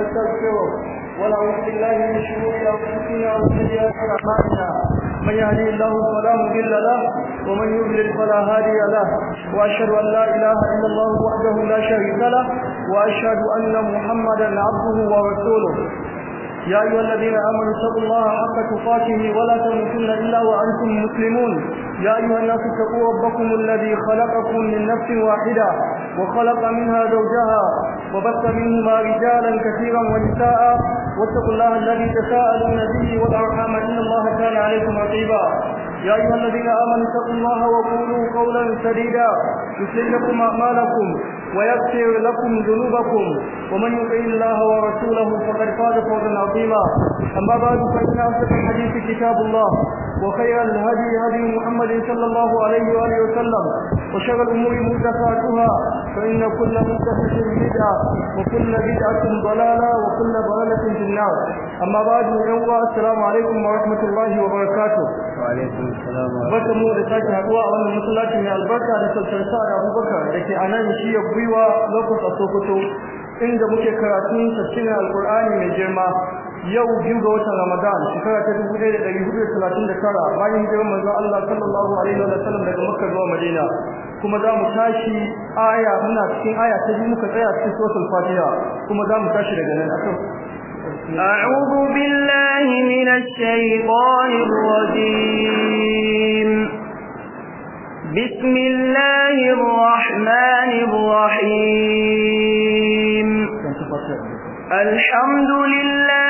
ونستغفره ونعوذ بالله من شرور انفسنا ومن سيئات اعمالنا من يهدي الله فلا مضل له ومن يضلل فلا هادي له واشهد ان لا اله الا الله وحده لا شريك له واشهد ان محمدا عبده ورسوله يا ايها الذين امنوا اتقوا الله حق تقاته ولا تموتن الا وانتم مسلمون يا ايها الناس اتقوا ربكم الذي خلقكم من نفس واحده وخلق منها زوجها وبث منهما رجالا كثيرا ونساء واتقوا الله الذي تساءلون به والارحام ان الله كان عليكم رقيبا يا ايها الذين امنوا اتقوا الله وقولوا قولا سديدا يصلح لكم اعمالكم ويغفر لكم ذنوبكم ومن يطع الله ورسوله فقد فاز فوزا عظيما اما بعد فان اصدق الحديث كتاب الله وخير الهدي هدي محمد صلى الله عليه واله وسلم وشغل أمور مدفاتها فإن كل مدفش بدعة وكل بدعة ضلالة وكل ضلالة في النار أما بعد يوم السلام عليكم ورحمة الله وبركاته وعليكم السلام ورحمة الله وبركاته وعليكم السلام ورحمة الله وبركاته إن جمك كراتين تشين القرآن من جماعة yau biyu ga watan Ramadan shekara ta 1439 bayan hijirar manzon Allah sallallahu alaihi wa sallam daga Makka zuwa Madina kuma za mu tashi aya muna cikin aya ta biyu muka tsaya cikin suratul Fatiha kuma za mu tashi daga nan akan أعوذ بالله من الشيطان الرجيم بسم الله الرحمن الرحيم الحمد لله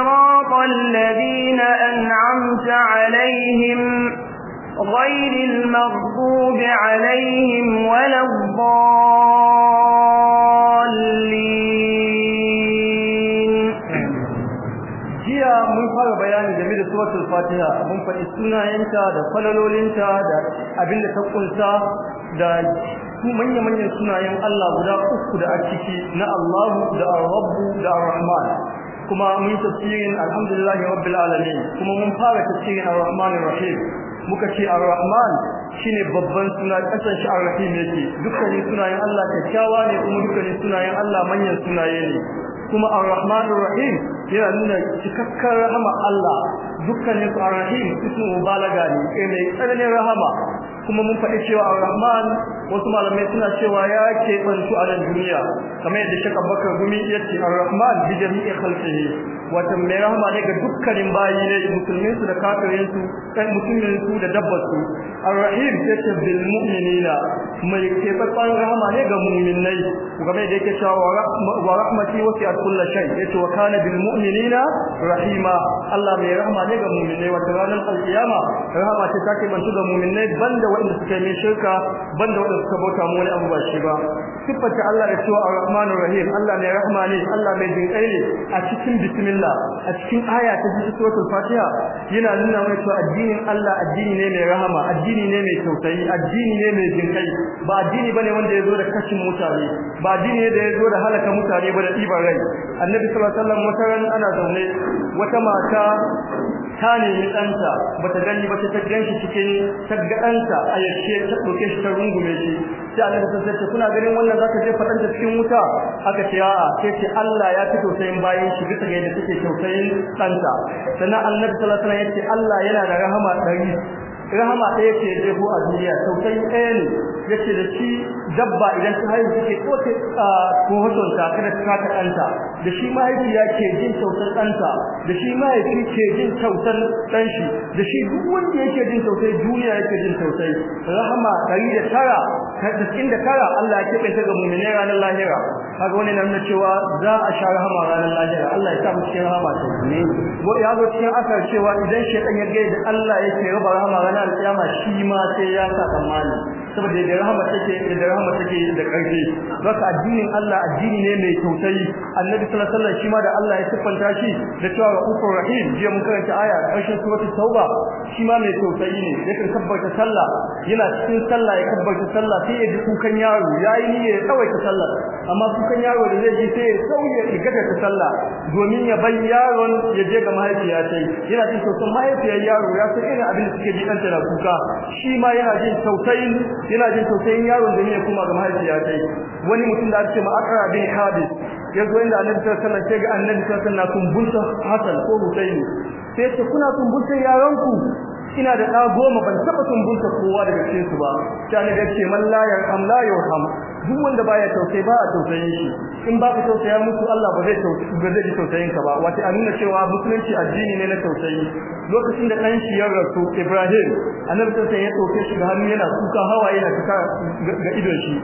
صراط الذين أنعمت عليهم غير المغضوب عليهم ولا الضالين جيا من fara bayani game da suratul Fatiha mun faɗi sunayenta da falalolinta da abinda ta kunsa da manya-manyan sunayen Allah guda uku da a ciki na Allahu da ar da ar kuma mun tafsirin alhamdulillahi rabbil alamin kuma mun fara tafsirin arrahmanir rahim muka ce arrahman shine babban suna kasan shi arrahim yake dukkanin sunayen Allah kyakkyawa ne kuma dukkanin sunayen Allah manyan sunaye ne kuma arrahmanir rahim yana nuna cikakkar rahama Allah dukkanin su arrahim ismu mubalaga ne eh, mai tsananin rahama kuma mun faɗi cewa ar-rahman wasu malamai suna cewa ya ke bantu a nan duniya kamar yadda shakka bakar gumi yace ar-rahman bi jami'i khalqihi wata mai rahama ne ga dukkanin bayi ne musulmin su da kafirin su kai musulmin su da dabbar su arrahim yake bil mu'minina mai ke babban rahama ne ga mu'minai kuma da yake cewa wa rahmati wasi'at kulli shay yace wa kana bil mu'minina rahima Allah mai rahama ne ga mu'minai wata ranar alkiyama rahama ce take su ga mu'minai banda wanda suka yi shirka banda wanda suka bauta mu wani abu ba shi ba sifata Allah ya da cewa arrahmanur rahim Allah mai rahama ne Allah mai jinkai ne a cikin bismillah Allah a cikin aya ta cikin suratul Fatiha yana nuna mai cewa addinin Allah addini ne mai rahama addini ne mai tausayi addini ne mai jinkai ba addini bane wanda ya zo da kashin mutane ba addini ne da ya zo da halaka mutane ba da ɗiban rai annabi sallallahu alaihi wasallam wata ran ana zaune wata mata ta nemi ɗanta bata gani ba ta ganshi cikin tagga a ta ɗauke shi ta rungume shi sai Allah ya sace kuna ganin wannan zaka je fadan ta cikin wuta aka ce a'a sai ce Allah ya fito sai bayan shi bisa ga yadda take tausayin ɗanta sannan Annabi sallallahu alaihi wasallam ya ce Allah yana da rahama ɗari rahama ɗaya ce da a duniya sautai ɗaya ne yace da shi dabba idan ta haihu take ko ta ah, ko hoton ta kada ta ɗanta da shi ya ke jin tausayin ɗanta da shi mahaifi ke jin tausayin ɗanshi, shi da shi duk wanda yake jin tausayi duniya yake jin tausayi rahama ɗari da tara cikin da tara Allah ya kebe ta ga mu'minai ranar lahira kaga wani nan na cewa za a sha rahama ranar lahira Allah ya sa mu cikin rahama ta ne ko ya zo cikin asar cewa idan shaytan ya ga da Allah yake raba rahama ranar alƙiyama shi ma sai ya sa tsammani saboda da rahama take da rahama take da ƙarfi zaka addinin Allah addini ne mai tausayi annabi sallallahu alaihi shi ma da Allah ya siffanta shi da cewa ra'ufur rahim je mun karanta aya karshen suratul tauba shi ma mai tausayi ne yakan tabbata sallah yana cikin sallah ya tabbata sallah sai ya ji kukan yaro yayi niyya ya tsawaita sallah amma kukan yaro da zai ji sai ya sauya rigata ta sallah domin ya bai yaron ya je ga mahaifiya sai yana jin tausayin mahaifiyar yaro ya san irin abin da suke ji kanta na kuka shi ma yana jin tausayin yana jin tausayin yaron da ne kuma ga mahaifiya sai wani mutum da ake ma akara bin hadis ya zo inda annabi sallallahu alaihi wasallam sai ga annabi sallallahu alaihi wasallam hasan ko husaini sai ce kuna kumbunta yaranku ina da da goma ban taɓa burta kowa daga cikin su ba Ta ne da ce man la am la duk wanda baya tausayi ba a tausayin shi in ba ka tausaya musu Allah ba zai ba zai ka ba wato a nuna cewa musulunci addini ne na tausayi lokacin da ɗan shi ya rasu Ibrahim annabi sai ya tauke shi ga hannu yana kuka hawaye na fita ga idon shi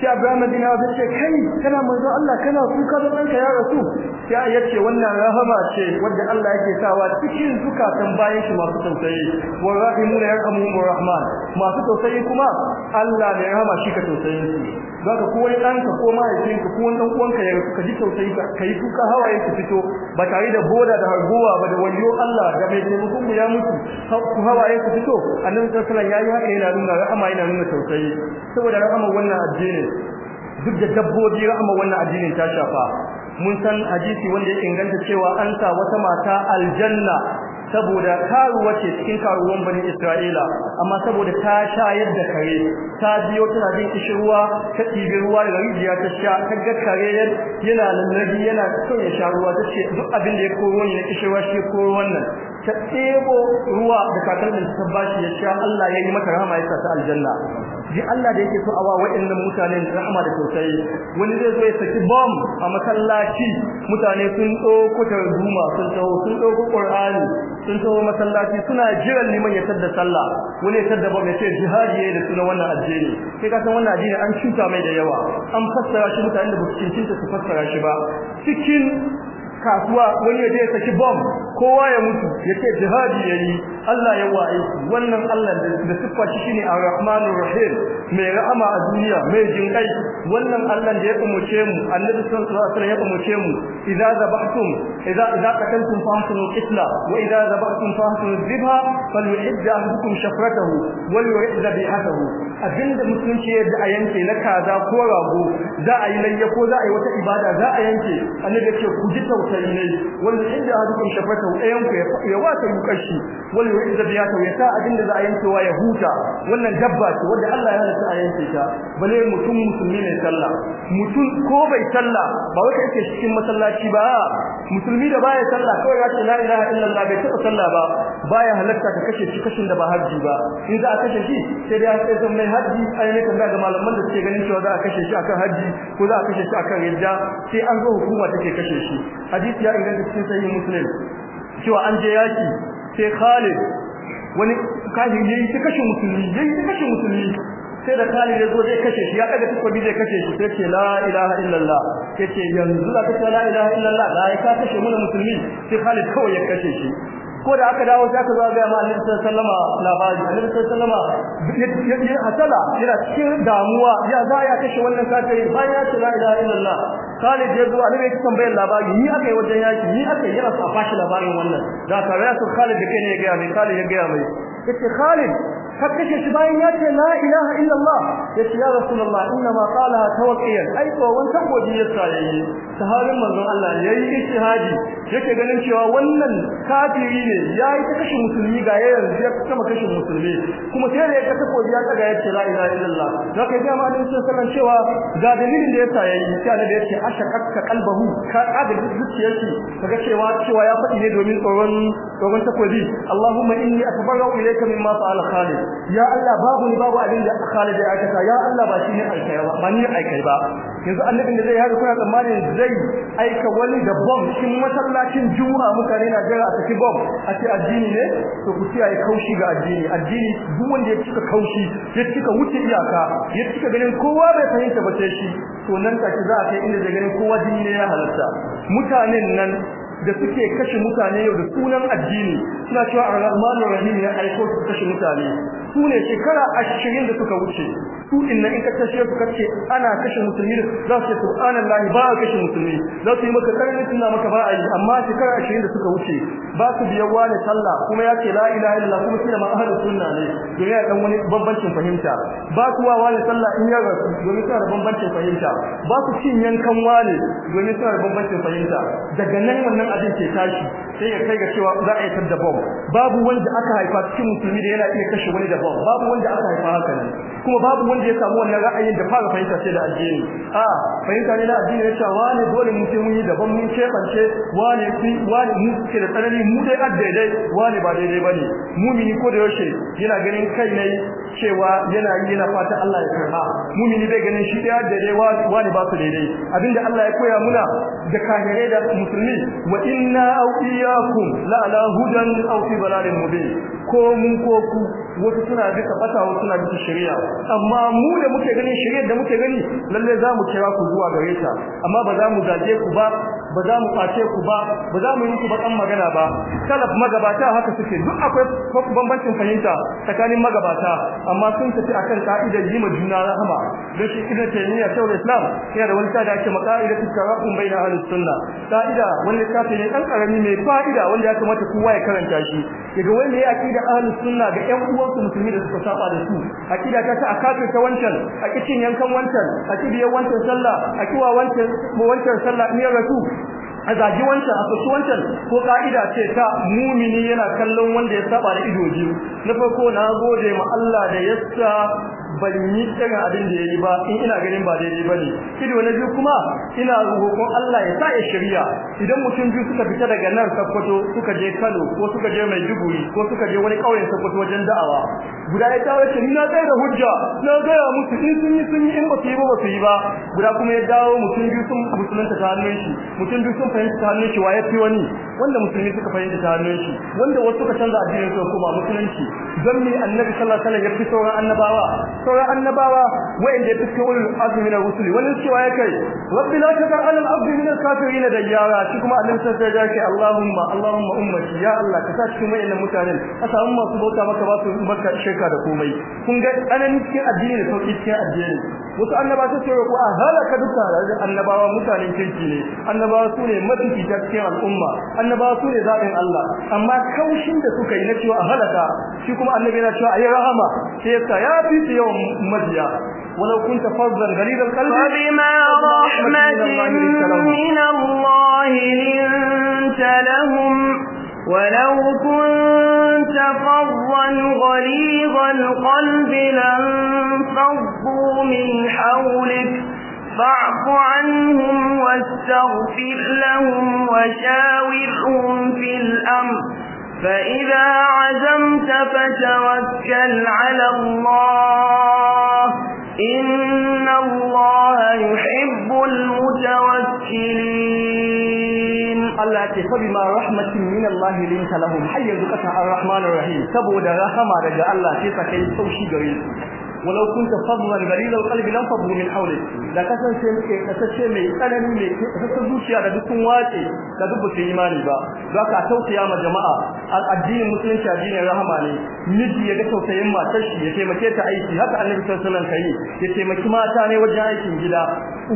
sai Abraham na Abi ce kai kana manzo Allah kana kuka da ranka ya rasu sai yace wannan rahama ce wanda Allah yake sawa cikin zukatan bayan shi masu tausayi wa rahimun ya rahamu rahman masu tausayi kuma Allah ne rahama shi ka tausayi. shi zaka ko wani danka ko mahaifinka ko wani dan uwanka ya ka ji tausayi ka kai kuka hawaye su fito ba tare da boda da harguwa ba da wayo Allah da mai taimakon mu ya mutu ku hawaye su fito annabi sallallahu alaihi ya yi haka yana nuna rahama yana nuna tausayi saboda rahama wannan addini duk da dabbobi rahama wannan addinin ta shafa mun san hadisi wanda ya inganta cewa an sa wata mata aljanna saboda karuwa ce cikin karuwan bani Isra'ila amma saboda ta shayar da kare ta biyo tana jin kishirwa ta ɗibi ruwa da rijiya ta sha ta ga kare yana lallabi yana son ya sha ruwa ta ce duk abin da ya koro ne na kishirwa shi koro wannan ta tsebo ruwa da kakalmin ta bashi ya sha Allah ya yi mata rahama ya sa aljanna ji Allah da yake so awa waɗannan mutanen rahama da tausayi wani zai zo ya saki bom a masallaci mutane sun ta duma sun taho sun ɗauko Qur'ani sun taho masallaci suna jiran liman ya tadda sallah wani ya tada bom ya ce jihadi yi da suna wannan addini sai ka san wannan addini an cuta mai da yawa an fassara shi mutanen da ba cikin ta su fassara shi ba cikin kasuwa wani ya je ya saki bomb kowa ya mutu yace jihadi ya yi. Allah ya waye wannan Allah da sifa shi shine Ar-Rahmanur Rahim mai rahama a duniya mai jinkai wannan Allah da ya ce mu Annabi sallallahu alaihi wasallam ya ce mu إذا ذبحتم إذا إذا قتلتم فاحسنوا القتل وإذا ذبحتم فاحسنوا الذبح فليعد أحدكم شفرته وليعد ذبيحته abinda musulunci yadda a yanke na kaza ko rago za a yi layya ko za a wata ibada za a yanke annabi ce ku ji tausayi ne wanda inda hadukum shafata ɗayan ku ya wata yukashi wal yu'izza biyata ya sa abinda za a yanke wa ya huta wannan dabba ce wanda Allah ya halatta a yanke ta bale mutum musulmi ne sallah mutum ko bai sallah ba wata yake cikin masallaci masallaci ba musulmi da baya sallah kawai ya ce la ilaha illallah bai taba sallah ba baya halarta ka kashe shi kashin da ba haji ba in za a kashe shi sai dai sai zan mai haji sai ne kan ga malaman da suke ganin cewa za a kashe shi akan haji ko za a kashe shi akan yadda sai an zo hukuma take kashe shi hadisi ya inganta cikin sahih muslim cewa an je yaki sai Khalid wani kafin yayi ta kashe musulmi yayi ta kashe musulmi sai da Khalid ya zo zai kashe shi ya kaga takobi zai kashe shi sai ce la ilaha illallah kace ce yanzu da kace la ilaha illallah da ya kashe mu musulmi sai Khalid kawai ya kashe shi ko da aka dawo sai aka zo ga Annabi sallallahu alaihi labari Annabi sallallahu alaihi ya hasala yana cikin damuwa ya za ya kashe wannan kafiri bayan ya ce la ilaha illallah Khalid ya zo Annabi ya tambayar labari ni aka yi wajen yaki ni aka yi rasa fashi labarin wannan da ka rasa Khalid da kai ne ya ga mai Khalid ya ga mai Khalid ka kashe shi bayan ya ce la ilaha illallah ya ce ya rasulullah inna ma qalaha tawqiyan ai ko wannan godiya yayi. sahabin manzon Allah yayi ijtihadi yake ganin cewa wannan kafiri ne yayi ta kashe musulmi ga yayin ya kuma kashe musulmi kuma sai ya ta godiya ta ga ya ce la ilaha illallah zaka ga ma din sallan cewa ga dalilin da yasa yayi sai da yace ashaqqa qalbahu ka kada zuciyarsa kaga cewa cewa ya faɗi ne domin tsoron tsoron takobi Allahumma inni atbara'u ilayka mimma fa'ala khalid ya Allah babu ni babu abin da Khalid ya aikata ya Allah ba shi ne ba ba ni aikai ba yanzu annabin da zai yaro kuna tsammanin zai aika wani da bomb cikin masallacin juma'a mutane na jira a saki bomb a ce addini ne to ku ai kaushi ga addini addini duk wanda ya cika kaushi ya cika wuce iyaka ya cika ganin kowa bai fahimta ba sai shi to nan take za a kai inda zai ganin kowa jini ne ya halarta mutanen nan da suke kashe mutane yau da sunan addini suna cewa ar-rahmanur rahim ya aiko su kashe mutane su ne shekara ashirin da suka wuce su din nan in ka tashi su kace ana kashe musulmi za su ce subhanallahi ba kashe musulmi za su yi maka karni suna maka ba ai amma shekara ashirin da suka wuce ba su biya wani sallah kuma ya ce la ilaha illallah kuma ne ma ahlus sunna ne domin ya dan wani bambancin fahimta ba su wa wani sallah in ya rasu domin suna da bambancin fahimta ba su cin yankan wani domin suna da bambancin fahimta daga nan wannan abin ke tashi sai ya kai ga cewa za a yi tadabbu bomb babu wanda aka haifa cikin musulmi da yana iya kashe wani da babu wanda aka haifa haka ne kuma babu wanda ya samu wannan ra'ayin da fara fahimta sai da addini a fahimta ne na addini ya ce wani dole mu ce mun yi daban mun wani sun wani mu ce da tsanani mu dai a daidai wani ba daidai bane mumini ko da yaushe yana ganin kai ne cewa yana yi yana fata Allah ya karba mumini bai ganin shi dai daidai wani ba su daidai abinda Allah ya koya muna da kahire da musulmi wa inna au iyyakum la ala hudan aw fi dalalin mubin ko mun ko ku wasu suna duka fatawa suna duka shari'a amma mu da muke ganin shari'a da muke gani lalle za mu kira ku zuwa gare ta amma ba za mu gaje ku ba ba za mu kwace ku ba ba za mu yi ku bakan magana ba salaf magabata haka suke duk akwai bambancin fahimta tsakanin magabata amma sun tafi akan ka'idar yi ma juna rahama don shi yi taymiya shawul islam yana da wani da ake maqaidatu tsarafin baina ahlus sunna ka'ida wani kafi ne dan karami mai fa'ida wanda ya kamata kowa ya karanta shi daga wanda ya akida ahlus sunna ga ƴan uwansu musulmi da suka saba da su akida ta ta a ta wancan akicin yankan wancan akibiyar wancan sallah akiwa wancan wancan sallah ne rasu a zagi wancan a soki wancan ko ka'ida ce ta mumini yana kallon wanda ya saba da ido biyu na farko na gode ma Allah da yassa bari yi irin abin da yayi ba in ina ganin ba daidai bane ido na biyu kuma ina roƙon Allah ya sa ya shirya idan mutum biyu suka fita daga nan Sokoto suka je Kano ko suka je Maiduguri ko suka je wani ƙauyen Sokoto wajen da'awa guda ya tawo ce ni na tsaye da hujja na ya musu in sun yi sun yi in ba su yi ba ba su yi ba guda kuma ya dawo mutum biyu sun musulunta ta hannun shi mutum biyu sun fahimta ta hannun shi wa ya fi wani wanda musulmi suka fahimta ta hannun shi wanda wasu suka canza addinin su kuma musulunci don me annabi sallallahu alaihi wasallam ya fi sauran annabawa sauran annabawa wayanda ya fiske ulul azmi na rusuli wani cewa ya kai rabbi la tadar ala al na min al kafirin yara? shi kuma annabi sai ya ce allahumma allahumma ummati ya allah ka sa cikin wayannan mutanen a samu masu bauta maka ba su maka shirka da komai kun ga tsananin cikin addini da sauki cikin addini wasu annaba su ce ko a halaka duka da annabawa mutanen kirki ne annabawa su ne mafi cikin al'umma annabawa su ne zaɓin Allah amma kaushin da suka yi na cewa a halaka shi kuma annabi yana cewa ayi rahama sai ya مجيا ولو كنت فظا غليظ القلب فبما رحمة من الله لنت لهم ولو كنت فظا غليظ القلب لانفضوا من حولك فاعف عنهم واستغفر لهم وشاورهم في الأمر فإذا عزمت فتوكل على الله إن الله يحب المتوكلين الله تسبب ما رحمة من الله لنت لهم حي ذكتها الرحمن الرحيم تبو درحمة رجاء الله تسكي سوشي قريب walau kunta fadlan ghalidal qalbi lam fadhu min hawlik da kasance muke kasance mai tsanani mai kasance zuciya da dukkan wace da duk ba imani ba zaka tausaya ma jama'a addinin musulunci addinin rahama ne miji ya ga tausayin matar shi ya taimake ta aiki haka annabi sallallahu alaihi wasallam kai ya taimaki mata ne wajen aikin gida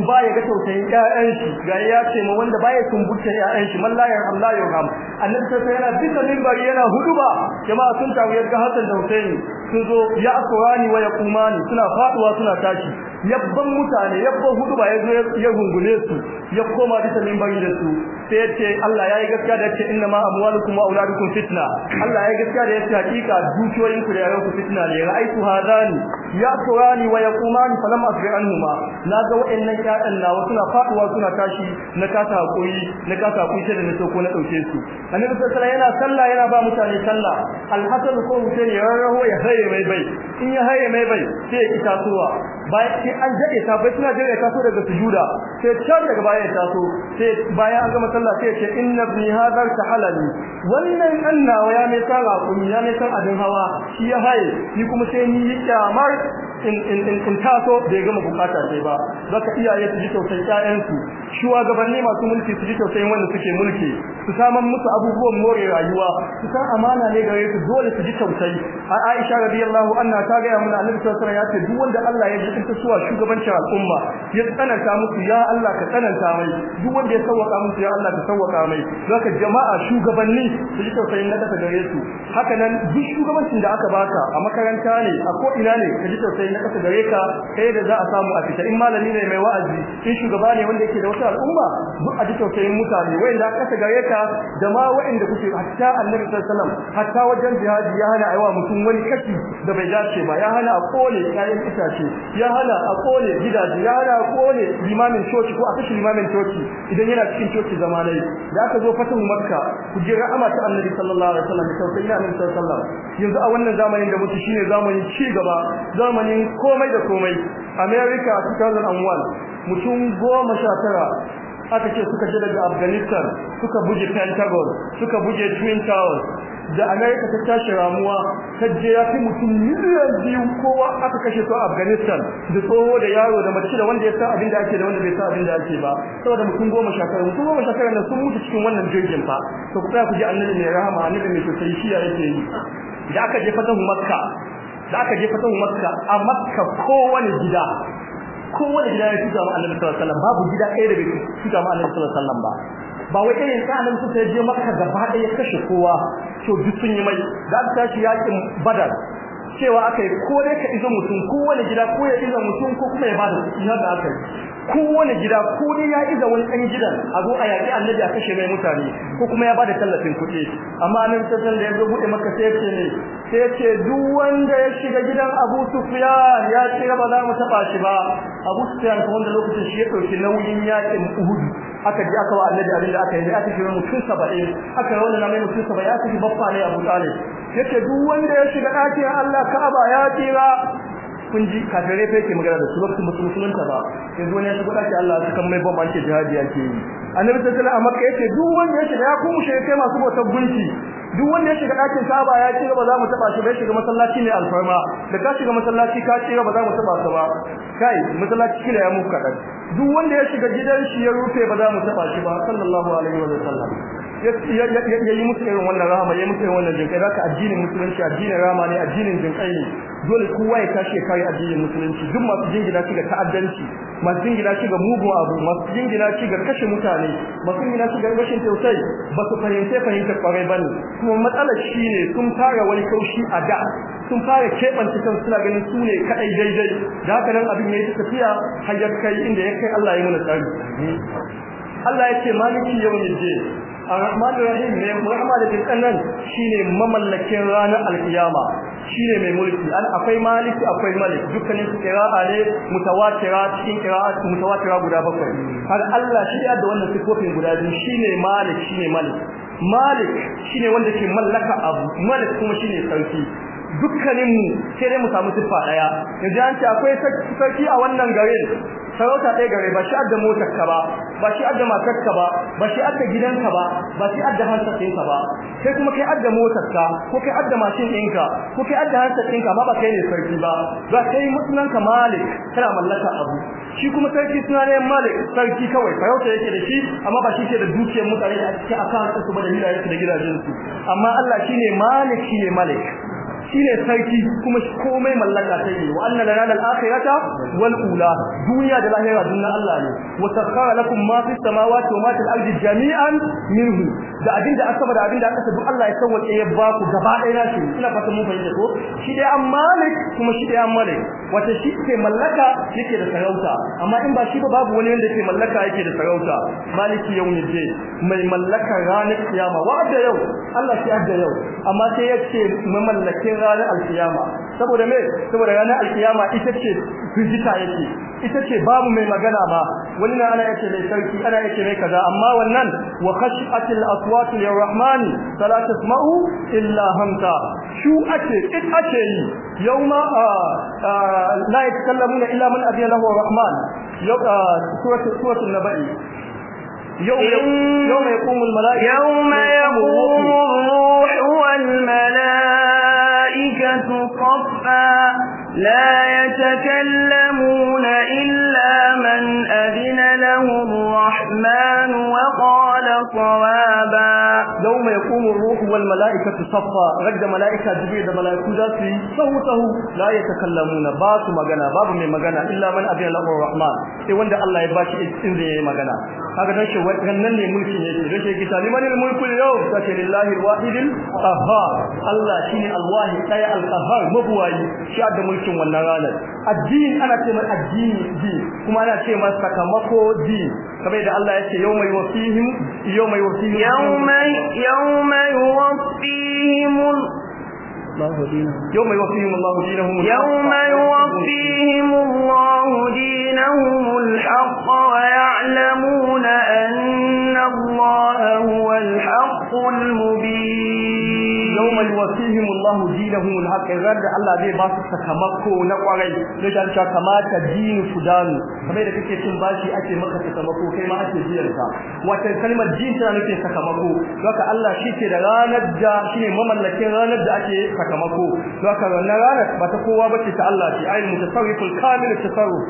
uba ya ga tausayin 'ya'yanshi. shi ga ya ce ma wanda baya kumbuce ƴaƴan shi mallahi Allah ya rahama annabi sallallahu alaihi wasallam yana duka minbari yana ba. jama'a sun tawo ya Hassan da Husaini sun zo ya akurani wa yaquma imani suna faduwa suna tashi yabban mutane yabban hudu ba yazo ya gungune su ya koma bisa minbari da su sai yace Allah yayi gaskiya da yace inna ma amwalukum wa auladukum fitna Allah yayi gaskiya da yace hakika dukiyoyin ku da yaran ku fitna ne ra'aytu hadani ya qurani wa yaquman falam asbi anhuma ga wa'annan na nawa suna faduwa suna tashi na kasa hakuri na kasa hakuri sai da na soko na dauke su annabi sallallahu yana sallah yana ba mutane sallah alhasan ko mutane ya rarraho ya haye mai bai in ya haye mai bai sai ki tasowa bayan sai an jade ta bai suna jade ta so daga sujuda sai can daga bayan ta so sai bayan an gama sallah sai ce inna bi hadar tahalali wannan annawa ya mai tsara kuma ya mai san abin hawa shi ya haye ni kuma sai ni yi kyamar in taso bai gama bukata sai ba zaka iyaye su ji tausayin ƴaƴansu shugabanni masu mulki su ji tausayin wanda suke mulki su saman musu abubuwan more rayuwa su san amana ne gare su dole su ji tausayi Aisha radiyallahu anha ta gaya mana Annabi sallallahu alaihi wasallam ya ce duk wanda Allah ya ji kinta suwa shugabancin al'umma ya tsananta musu ya Allah ka tsananta mai duk wanda ya sawwaka musu ya Allah ka sawwaka mai zaka jama'a shugabanni su ji tausayin na daga gare su haka nan duk shugabancin da aka baka a makaranta ne a ko ina ne ka ji tausayi da kasa gare ka kai da za a samu a fita in malami ne mai wa'azi in shugaba ne wanda yake da wata al'umma duk a ji tausayin mutane wanda kasa gare ka da ma wanda kuke hatta annabi sallallahu alaihi wasallam hatta wajen jihadi ya hana aiwa mutum wani kashi da bai dace ba ya hana a kole kayan itace ya hana a kole gidaje ya hana a kole limamin coci ko a kashi limamin coci idan yana cikin coci zamanai da aka zo fatan makka ku ji ta annabi sallallahu alaihi wasallam da na annabi sallallahu alaihi wasallam yanzu a wannan zamanin da muke shine zamanin ci gaba zamanin cikin komai da komai America 2001 mutum goma sha tara aka ce suka je daga Afghanistan suka buje Pentagon suka buje Twin Towers da America ta tashi ramuwa ta je ya fi mutum miliyan biyu kowa aka kashe to Afghanistan da tsoho da yaro da mace da wanda ya sa abin da ake da wanda bai sa abin da ake ba saboda mutum goma sha tara mutum goma sha tara na sun mutu cikin wannan jirgin fa to ku tsaya ku ji annabi mai rahama annabi mai tausayi shi yake yi da aka je fatan makka da aka je fatan makka a makka kowane gida kowane gida ya tuka ma annabi sallallahu alaihi wasallam babu gida ɗaya da bai tuka ma annabi sallallahu alaihi wasallam ba ba wai irin sa annabi sai je makka gaba ɗaya kashe kowa to duk sun yi mai da ta shi yakin badar cewa aka yi ko dai ka izo mutum ko wani gida ko ya izo mutum ko kuma ya bada kuɗi haka aka yi ko wani gida ko dai ya izo wani ɗan gidan a zo a yaki annabi a kashe mai mutane ko kuma ya bada tallafin kuɗi amma nan tattalin da ya zo buɗe maka sai ce ne sai ce duk wanda ya shiga gidan Abu Sufyan ya ce ba za mu taba shi ba Abu Sufyan ko wanda lokacin shi ya ɗauki nauyin yaƙin Uhud aka ji aka wa annabi abin da aka yi aka shiga mutum 70 aka rawa na mai mutum 70 aka shi baffa ne Abu Talib yake duk wanda ya shiga ɗakin Allah Ka'aba ya tsira kun ji kafirai fa ke magana da su lokacin musulunta ba sai zuwa ne ta kuɗa ce Allah su kan mai bomba ce jihadi ya ke yi annabi sallallahu alaihi maka ya ce duk wanda ya shiga ya kuma kai masu bautar gunki duk wanda ya shiga dakin saba ya ce ba za mu taba shi ba shiga masallaci ne alfarma da ka shiga masallaci ka ce ba za mu taba ka ba kai masallaci kila ya muku kadan duk wanda ya shiga gidan shi ya rufe ba za mu taba shi ba sallallahu alaihi wa sallam. ya yi musu irin wannan rahama ya yi musu irin wannan jinkai zaka addinin musulunci addinin rahama ne addinin jinkai ne dole kowa ya tashi ya kare addinin musulunci duk masu jingina shi ga ta'addanci masu jingina shi ga mugun abu masu jingina shi ga kashe mutane masu jingina shi ga rashin tausayi ba su fahimce fahimtar kwarai bane kuma matsalar shi ne sun fara wani kaushi a da sun fara keɓance kan suna ganin su ne kaɗai daidai da haka nan abin ya tafiya har kai inda ya kai Allah ya yi mana tsari Allah ya ce maliki yawmin din Ar-Rahman Rahim mai rahama da nan shine mamallakin ranar alkiyama shine mai mulki an akwai maliki akwai malik dukkanin qira'a ne mutawatira cikin qira'a mutawatira guda bakwai har Allah shi da wannan sifofin guda biyu shine malik shine malik malik shine wanda ke mallaka abu malik kuma shine sarki dukkaninmu sai dai mu samu siffa daya yanzu an ce akwai sarki a wannan garin sarauta ɗaya gare ba shi adda motar ba ba shi adda matar ba ba shi adda gidanka ba ba shi adda hansar ɗinka ba sai kuma kai adda motar ka ko kai adda mashin ɗinka ko kai adda hansar ɗinka amma ba kai ne sarki ba ba kai mutunan ka malik kana mallaka abu shi kuma sarki suna ne malik sarki kawai sarauta yake da shi amma ba shi ke da dukiyar mutane a cikin akan su ba da su da su amma Allah shine malik shine malik shine sarki kuma komai mallaka sai ne wa anna lana al-akhirata wal ula duniya da lahira juna Allah ne wa sakhara lakum ma fi samawati wa ma fil ardi jami'an minhu da abinda asaba da abinda aka duk Allah ya sauke ya ba ku gaba ɗaya na shi ina fata mun fahimta ko shi dai an malik kuma shi dai an malik wata shi ke mallaka yake da sarauta amma in ba shi ba babu wani wanda yake mallaka yake da sarauta maliki je mai mallaka ranar kiyama wa yau Allah shi da yau amma sai yace mamallakin ranar alkiyama saboda me saboda ranar alkiyama ita ce fizika yake ita ce babu mai magana ba wani na ana yace mai sarki ana yace mai kaza amma wannan wa khashatil aswat lirrahman fala tasma'u illa hamta shu ake it ake yi yauma ah, ah, la yatakallamuna illa man adiya lahu arrahman yau suratul suratul nabai يوم يوم يقوم الملائكة يوم يقوم لا يتكلمون إلا من أذن له الرحمن وقال صوابا يوم يقوم الروح والملائكة صفا رجل ملائكة جبريل ملائكة ذاتي صوته لا يتكلمون باس مغانا باب من مغانا إلا من أذن له الرحمن إيه الله يباشي إذن مغانا kaga dan shi wannan ne mulki ne to dake ki saliman al mulku al lillahi al wahid qahhar Allah shine al wahid daya al qahhar mabuwayi shi da mulkin wannan ranar addini ana ce mai addini di kuma ana ce masa sakamako di kamar da Allah yake yawma yuwafihim yawma yuwafihim yawma yawma يوم يوفيهم الله دينهم يوم يوفيهم الله دينهم الحق ويعلمون أن الله هو الحق المبين yuwaffihim Allah dinahum al-haq idan da Allah zai ba su sakamako na kwarai da ta kamata ku fudanu kamar da kake cin bashi ake maka sakamako kai ma ake biyar ka wato kalmar din tana nufin sakamako haka Allah shike da ranar da shine mamallakin ranar da ake sakamako haka wannan ranar ba ta kowa bace ta Allah ce ayyul mutasarriful kamil tasarruf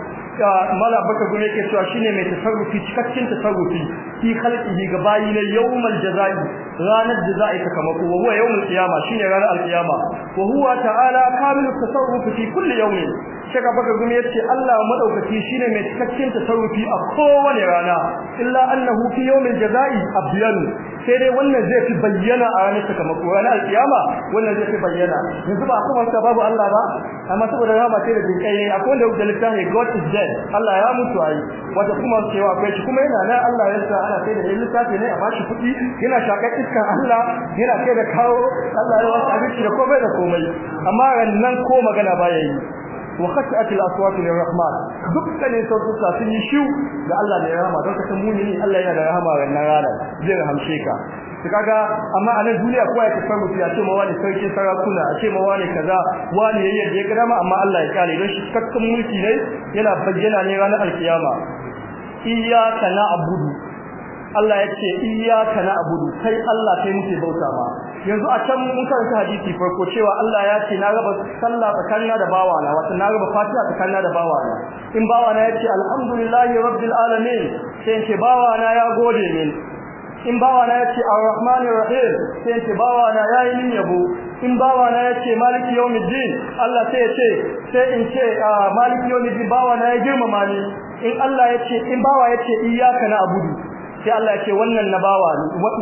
mala baka gune yake cewa shine mai tasarrufi cikakken tasarrufi fi khalqihi ga bayi na yawmal jazai ranar jazai ta kama ko huwa yawmal qiyama shine ranar alqiyama wa huwa ta'ala kamilut tasarrufi fi kulli yawmin shaka baka gune yace Allah madaukaki shine mai cikakken tasarrufi a kowane rana illa annahu fi yawmal jazai abyan sai dai wannan zai fi bayyana a ranar sakamako ranar alkiyama wannan zai fi bayyana yanzu ba kuma babu Allah ba amma saboda rahama sai da jinkai akwai wanda da littafi God is dead Allah ya mutu ai wata kuma cewa akwai shi kuma yana nan Allah ya sa ana sai da lissafi ne a bashi kuɗi yana shakar iskan Allah yana kai da kawo Allah ya wasa abinci da komai da komai amma nan ko magana ba yayi wa khashat al-aswat lir-rahman sautu sautuka sun yi shiu da Allah da rahama don ka san muni Allah yana da rahama wannan ranar zai rahamshe ka kaga amma a nan duniya kowa ya tasarrufi ya ce ma wani sarki sarakuna a ce ma wani kaza wani yayin da ya kira ma amma Allah ya kare don shi kakkan mulki ne yana bayyana ne ranar alkiyama iyyaka na'budu Allah ya ce iyyaka na'budu kai Allah kai muke bauta ma yanzu a can mun kan hadisi farko cewa Allah ya ce na raba sallah tsakanin da bawana wato na raba fatiha tsakanin da bawana in bawana ya ce alhamdulillahi rabbil alamin sai ce bawana ya gode min in bawa na yace ar-rahmanir rahim sai yace bawa na yayi min yabo in bawa na yace maliki yawmiddin Allah sai yace sai in ce ah, maliki yawmiddin bawa na ya girmama ni in Allah yace in bawa yace iyyaka na abudu sai Allah yace wannan na bawa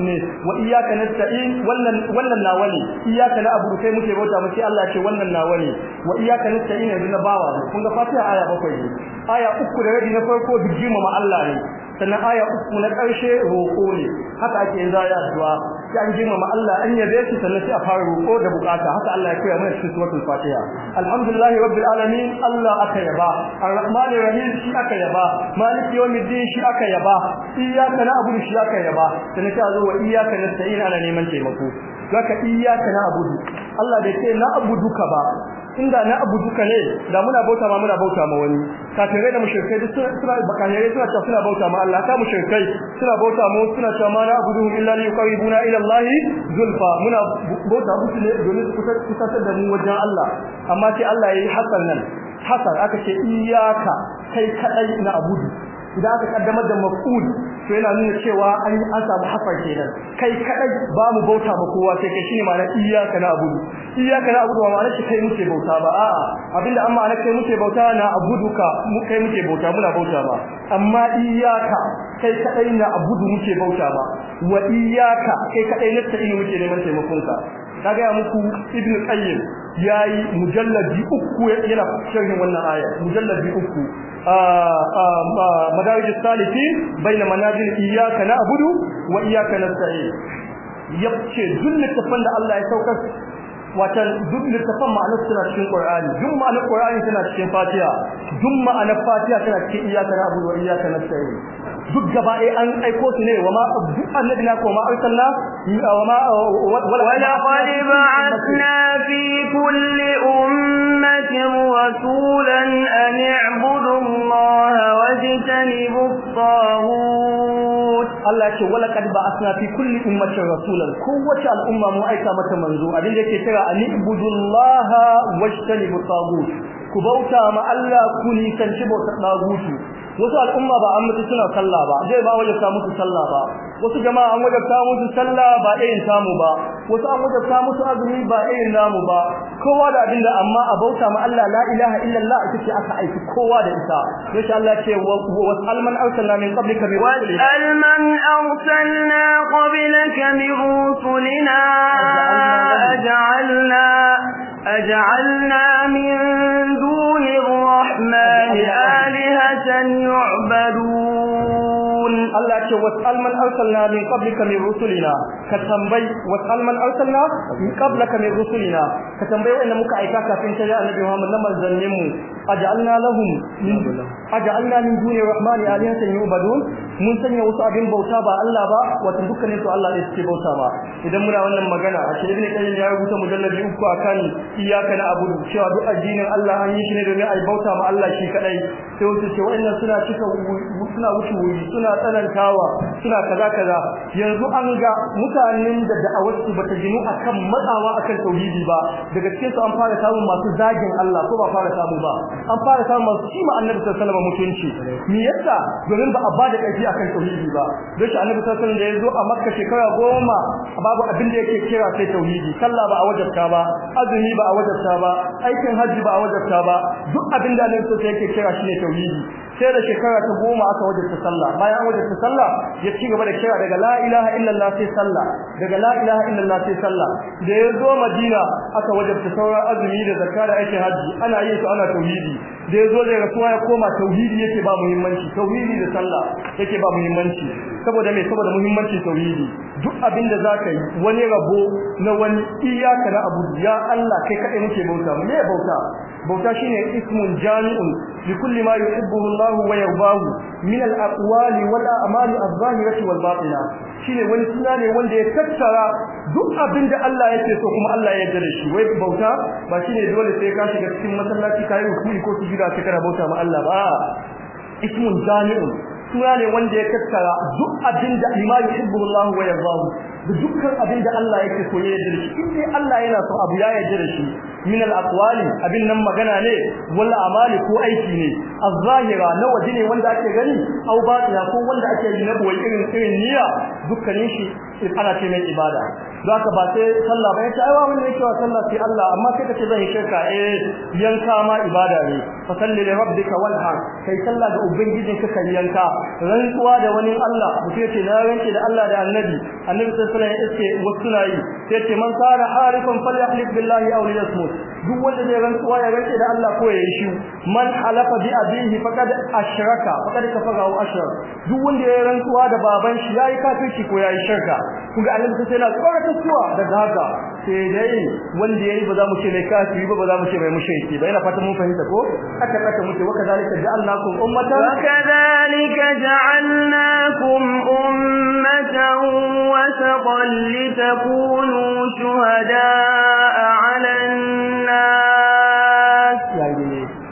ne wa iyyaka nasta'in wannan wannan na wani iyyaka na abudu sai muke bauta mu sai Allah yace wannan na wani. wa iyyaka nasta'in yanzu na bawa kun ga fatiha aya bakwai aya uku da rabi na farko bijima ma Allah ne sannan aya uku na ƙarshe roƙo ne haka ake yin zaya addu'a sai an girmama Allah an yabe shi sannan sai a fara roƙo da bukata haka Allah ya koya mana cikin suratul Fatiha alhamdulillah rabbil alamin Allah aka yaba arrahman rahim shi aka yaba maliki yawmiddin shi aka yaba iyyaka na'budu shi aka yaba sannan sai a zo wa iyyaka nasta'in ana neman taimako zaka iyyaka na'budu Allah na Abu na'buduka ba inda na abu duka ne da muna bauta ma muna bauta ma wani kafirai da mushrikai duk suna suna suna cewa suna bauta ma Allah ta mushrikai suna bauta ma suna cewa ma na duhu illa li yuqribuna ila Allah zulfa muna bauta musu ne domin su kusantar da mu wajen Allah amma sai Allah yayi hasan nan hasan aka ce iyaka kai kadai na abudu idan aka kaddamar da maf'ul to yana nuna cewa an yi an samu hafar kenan kai kadai ba mu bauta ba kowa sai kai shine ma'anar iyyaka na'budu iyyaka na'budu ba ma'anar kai muke bauta ba a'a abinda amma ana kai muke bauta na abuduka mu kai muke bauta muna bauta ba amma iyyaka kai kadai na abudu muke bauta ba wa iyyaka kai kadai nasta'inu muke neman taimakon ka kaga ya muku ibnu qayyim yayi mujalladi uku yana sharhin wannan aya mujalladi uku bai na baina manazil iyyaka na'budu wa iyyaka nasta'in yace duk tafan da Allah ya saukar wata duk littafin ma'anar suna cikin Qur'ani duk ma'anar Qur'ani suna cikin Fatiha duk ma'anar Fatiha tana cikin iyyaka abubuwa, wa iyyaka nasta'in duk gaba ɗaya an aiko su ne wa duk annabi na ko ma arsalna wa ma wala fi kulli ummatin أمة رسولا أن اعبدوا الله واجتنبوا الطاغوت Allah ce wala kad ba asna fi kulli ummatin rasulan kowace al'umma mu aika mata manzo abin da yake cewa an ibudullaha wajtanibut tagut ku bauta ma Allah ku nisanci bautar dagutu wasu al'umma ba an mutu suna sallah ba zai ba wajabta musu sallah ba wasu jama'a an wajabta musu sallah ba irin samu ba wasu an wajabta musu azumi ba irin namu ba kowa da abin da amma a bauta ma Allah la ilaha illallah ita ce aka aiki kowa da ita insha Allah ce wa salman arsalna min qablika bi wali alman arsalna qablaka min rusulina aj'alna aj'alna min الله آلهة يعبدون الله ce wasal man arsalna min qablika min rusulina ka tambayi wasal man arsalna min qablika min rusulina ka tambayi wanda muka aika kafin kai annabi Muhammad na manzannin mu aj'alna lahum min aj'alna min duni rahmani alihatan yu'badun mun sanya wasu abin bauta ba Allah ba wata dukkanin su Allah ne suke bauta ba idan muna wannan magana a cikin ibn ya rubuta mujalladi uku akan iyaka na abudu cewa duk addinin Allah an yi shi ne domin ai bauta ma Allah shi kadai sai wasu ce wa'annan suna cika suna wuce wuri suna tsanantawa suna kaza kaza yanzu an ga mutanen da da'awarsu bata ginu akan matsawa akan tauhidi ba daga cikin su an fara samun masu zagin Allah ko ba fara samu ba an fara samun masu kima annabi sallallahu alaihi mutunci me yasa domin ba a bada kafi akan tauhidi ba duk annabi sallallahu alaihi wasallam da zo a makka shekara goma babu abin da yake kira sai tauhidi sallah ba a wajabta ba azumi ba a wajabta ba aikin haji ba a wajabta ba duk abin da annabi sallallahu yake kira shine tauhidi sai da shekara ta goma aka wajabta sallah bayan wajabta sallah ya ci gaba da kira daga la ilaha illallah sai sallah daga la ilaha illallah sai sallah da madina aka wajabta sauran azumi da zakka da aikin haji ana yin su ana tauhidi da ya zo da rasuwa ya koma tauhidi yake ba muhimmanci tauhidi da sallah yake ake ba muhimmanci saboda me saboda muhimmancin tauhidi duk abinda zaka yi wani rabo na wani iyaka na abu ya Allah kai kadai muke bauta me bauta bauta shine ismun jami'un li kulli ma yuhibbuhu Allah wa yardahu min al-aqwali wal a'mali adh-dhahirati wal batina shine wani suna ne wanda ya tattara duk abinda Allah yake so kuma Allah ya yarda da shi wai bauta ba shine dole sai ka shiga cikin masallaci kai rukuni ko sujuda sai kana bauta ma Allah ba ismun jami'un suna ne wanda ya tattara duk abin da lima yuhibbu Allah wa da dukkan abin da Allah yake so ya yarda shi in Allah yana so abu ya yarda shi min al-aqwali abin nan magana ne wala amali ko aiki ne az-zahira na waje ne wanda ake gani au batina ko wanda ake yi na boye irin irin niyya dukkanin shi ana ce mai ibada zaka ba sai sallah ba yace aiwa wannan yake wa sallah sai Allah amma sai kace zan shirka eh yanka ma ibada ne fa salli li rabbika wanhar kai sallah ga ubangijinka kan yanka rantsuwa da wani Allah mutum yace na rance da Allah da annabi annabi sallallahu alaihi wasallam wasu suna yi sai ce man kana harifan falyahlif billahi aw liyasmut duk wanda zai rantsuwa ya rantsa da Allah ko ya yi shi man halafa bi abihi faqad ashraka faqad kafara wa ashrak duk wanda ya rantsuwa da baban shi yayi kafirci ko yayi shirka kuma Allah sai yana tsorata suwa daga haka sai dai wanda yayi ba za mu ce mai kafiri ba ba za mu ce mai mushriki ba ina fata mun fahimta ko aka aka muke wa kadalika ja'alnakum ummatan wa kadalika ja'alnakum ummatan wa فرضا لتكونوا شهداء على الناس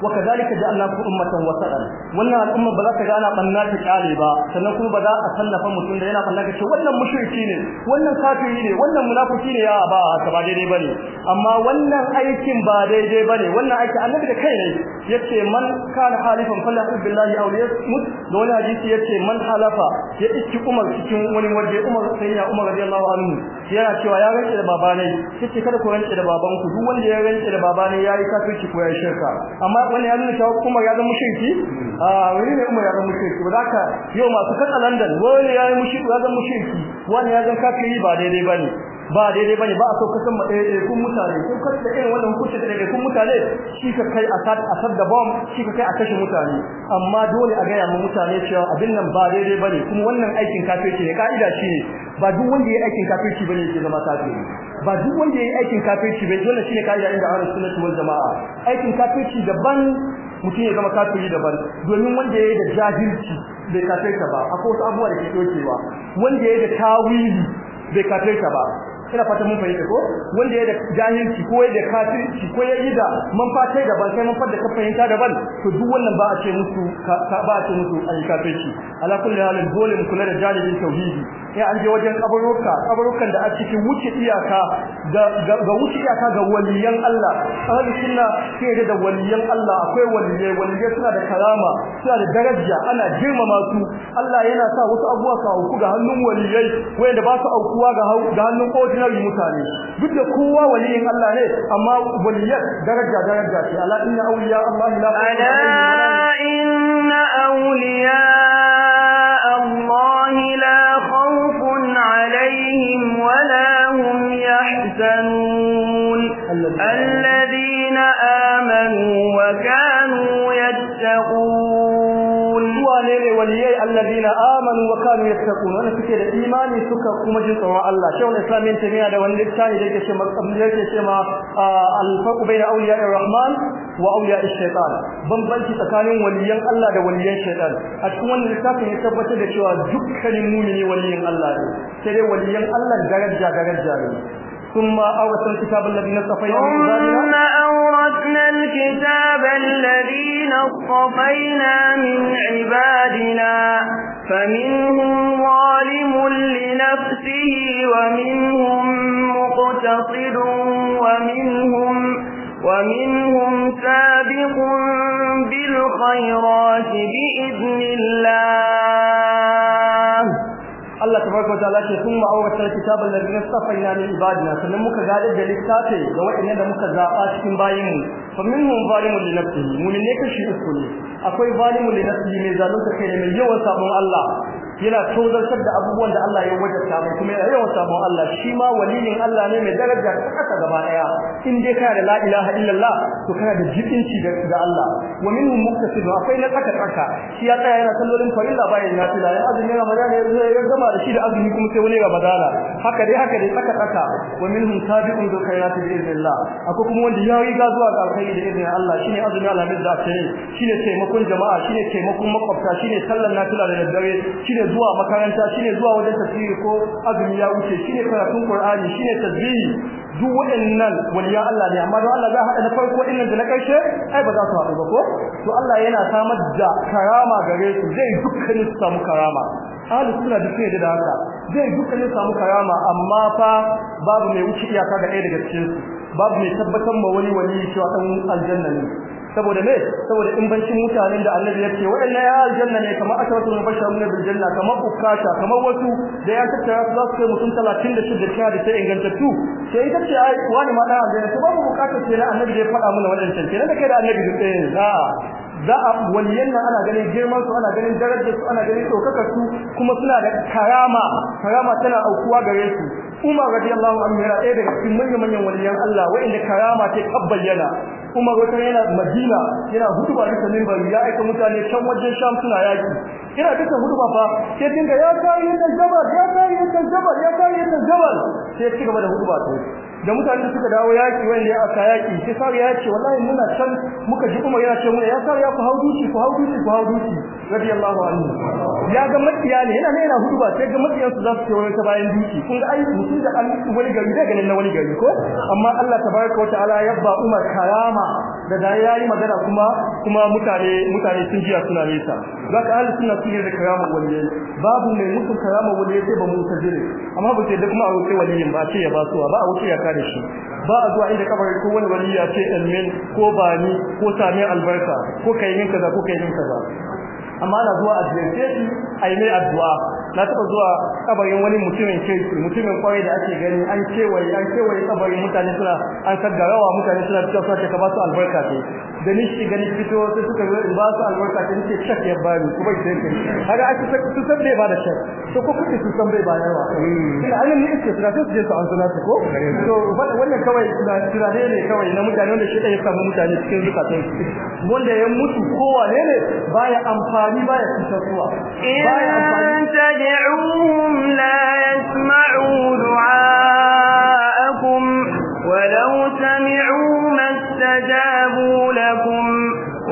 وكذلك جعلناكم أمة وسطا wannan al'umma ba za ta gana banna ta kyale ba sannan kuma ba za a sallafa mutum da yana banna ka ce wannan mushriki ne wannan kafiri ne wannan munafiki ne ya ba haka ba daidai bane amma wannan aikin ba daidai bane wannan aiki annabi da kai ne yace man kana halifan falyakul billahi aw yasmut da wani hadisi yace man halafa ya iski umar cikin wani waje umar sayyidina umar radiyallahu anhu yana cewa ya rance da baba ne yace kada ku rance da baban ku duk wanda ya rance da baba ne yayi kafirci ko ya shirka amma wannan ya nuna cewa kuma ya zama mushriki Aa wani ne umar ya zama mushriki ba zaka yau masu kasa London wani ya yi mushriki ya zama mushriki wani ya zama kafiri ba daidai bane ba daidai bane ba a so kasan kun mutane kun da irin wannan hukunci da kun mutane shi ka kai a sad da bomb shi ka kai a kashe mutane amma dole a gaya mu mutane cewa abin nan ba daidai bane kuma wannan aikin kafirci ne kaida shi ne ba duk wanda yayi aikin kafirci bane yake zama kafiri ba duk wanda yayi aikin kafirci bane dole shi ne kaida inda Allah sunnah wal jamaa aikin kafirci daban mutum ya zama kafiri daban domin wanda yayi da jahilci bai kafirta ba akwai wasu abubuwa da ke tokewa wanda yayi da tawili bai kafirta ba Kina fata mun fahimta ko wanda ya da jahilci ko ya da kafirci ko ya yi da man fata da ban sai mun fada ka fahimta da ban to duk wannan ba a ce musu ka ba a ce musu kafirci ala kulli halin dole mu kula da jahilin tauhidi sai an je wajen kabaruka kabarukan da a cikin wuce iyaka ga wuce iyaka ga waliyan Allah ahli sunna sai da waliyan Allah akwai waliyai waliyai suna da karama suna da daraja ana girmama su Allah yana sa wasu abubuwa ka hauku ga hannun waliyai wanda ba su aukuwa ga hannun ordinary ordinary mutane duk da kowa waliyin Allah ne amma waliyar daraja daraja ce ala inna awliya Allah la ala inna awliya Allah la khawfun alaihim wa la hum yahzanun alladhina amanu wa kanu yattaqun waliyai alladina amanu wa kanu yattaqun wanda suke da imani suka kuma jin tsoron Allah shehu islamin tamiya da wani littafi da yake ce yake ce ma al-farqu bayna awliya ar-rahman wa awliya ash-shaytan bambanci tsakanin waliyan Allah da waliyan shaytan a cikin wannan littafin ya tabbatar da cewa dukkanin mu'mini waliyan Allah ne sai dai waliyan Allah daraja daraja ne ثم أورثنا الكتاب الذي نصفينا وَأَوْرَثْنَا الْكِتَابَ الَّذِينَ اصْطَفَيْنَا مِنْ عِبَادِنَا فَمِنْهُمْ ظَالِمٌ لِنَفْسِهِ وَمِنْهُمْ مُقْتَصِدٌ وَمِنْهُمْ وَمِنْهُمْ سَابِقٌ بِالْخَيْرَاتِ بِإِذْنِ اللَّهِ Allah tabaraka wa ta'ala ce kuma awratal kitab alladhina safaina min ibadina sannan muka gadar da littafi ga waɗannan da muka zaba cikin bayin mu fa minhum zalimun li nafsihi mu'min ne kashi uku ne akwai zalimun li nafsihi mai zalunta kai ne mai yawan sabon Allah yana tozartar da abubuwan da Allah ya wajabta mai kuma yana yawan sabon Allah shi ma walinin Allah ne mai daraja ta kasa gaba daya in dai kana da la ilaha illallah to kana da jibinci ga Allah wa minhum muktasib akwai na tsaka tsaka shi ya tsaya yana sallolin farilla bayan nafila ya azumi Ramadan ya ya gama da shi da azumi kuma sai wani Ramadan haka dai haka dai tsaka tsaka wa minhum sabiqun bil khairati bi idnillah akwai kuma wanda ya yi gazuwa ga alkhairi da idnin Allah shine azumi alhamdulillah shine taimakon jama'a shine taimakon makwabta shine sallar natula da daddare shine zuwa makaranta shine zuwa wajen tafsiri ko azumi ya wuce shine karatun Qur'ani shine tasbihi duk waɗannan waliyan Allah ne amma don Allah za haɗa na farko ɗinnan da na ƙarshe ai ba za su haɗu ba ko to Allah yana samar da karama gare su zai dukkan su samu karama ahli suna duk ne da haka zai dukkan su samu karama amma fa babu mai wuce iyaka ga ɗaya daga cikin babu mai tabbatar ma wani wani cewa ɗan aljanna ne saboda me saboda in imbancin mutanen da annabi ya ce wa'annan ya aljanna ne kamar asharatu mubashshirun bil janna kamar ukasha kamar wasu da ya tattara za su kai mutum 36 da da sai tu. sai ita ce ai wani ma dan aljanna to babu bukatar sai annabi ya faɗa mana wannan tantance da kai da annabi duk ɗaya za za a waliyan nan ana ganin girman su ana ganin darajar su ana ganin daukakar su kuma suna da karama karama tana aukuwa gare su Umar radiyallahu anhu yana ɗaya daga cikin manyan manyan waliyan Allah wa'inda karama ta kabbayyana Umar wata yana Madina yana hutuba da sanin ya aika mutane can wajen Sham suna yaki yana ta hutuba fa sai dinga ya kai ta jabal ya kai ta jabal ya kai ta jabal sai ci gaba da hutuba ta da mutane da suka dawo yaki wanda ya aka yaki sai sar ya ce wallahi muna can muka ji kuma yana ce mu ya sar ya ku hauduci ku hauduci ku hauduci radiyallahu anhu ya ga makiya ne yana yana huduba sai ga matiyan su za su wani ta bayan duki kun ga ai mutum da an wani gari da ganin wani gari ko amma Allah tabaraka wa ta'ala ya ba Umar karama da da yayi magana kuma kuma mutane mutane sun jiya suna nesa za ka sunna suna cikin da karama wani babu mai mutum karama wani sai ba mu tajire amma ba ce da kuma a wuce waliyin ba ce ya basuwa ba a wuce ya albarka da shi ba a zuwa inda kabar ko wani wali ya ce amin ko bani ko sami albarka ko kai min kaza ko kai min kaza amma na zuwa a ziyarce a yi mai addu'a na taba zuwa kabarin wani mutumin ke mutumin kwarai da ake gani an kewaye an kewaye kabarin mutane suna an kaddarawa mutane suna fitowa suna ce ka ba su albarka ce da ni shi gani fito sai suka yi in ba su albarka ce nake shak ya ni kuma ita yake Haka a cikin su san bai ba da shak to ko kuke su san bai ba yawa hmm. ina an ne yake suna je su an suna ko to wannan kawai tunane ne kawai na mutane wanda shi da ya samu mutane cikin zukatan wanda ya mutu kowa ne ne baya amfani baya cutarwa baya amfani tad'uhum la yasma'u du'aakum wa law sami'u mastajabu lakum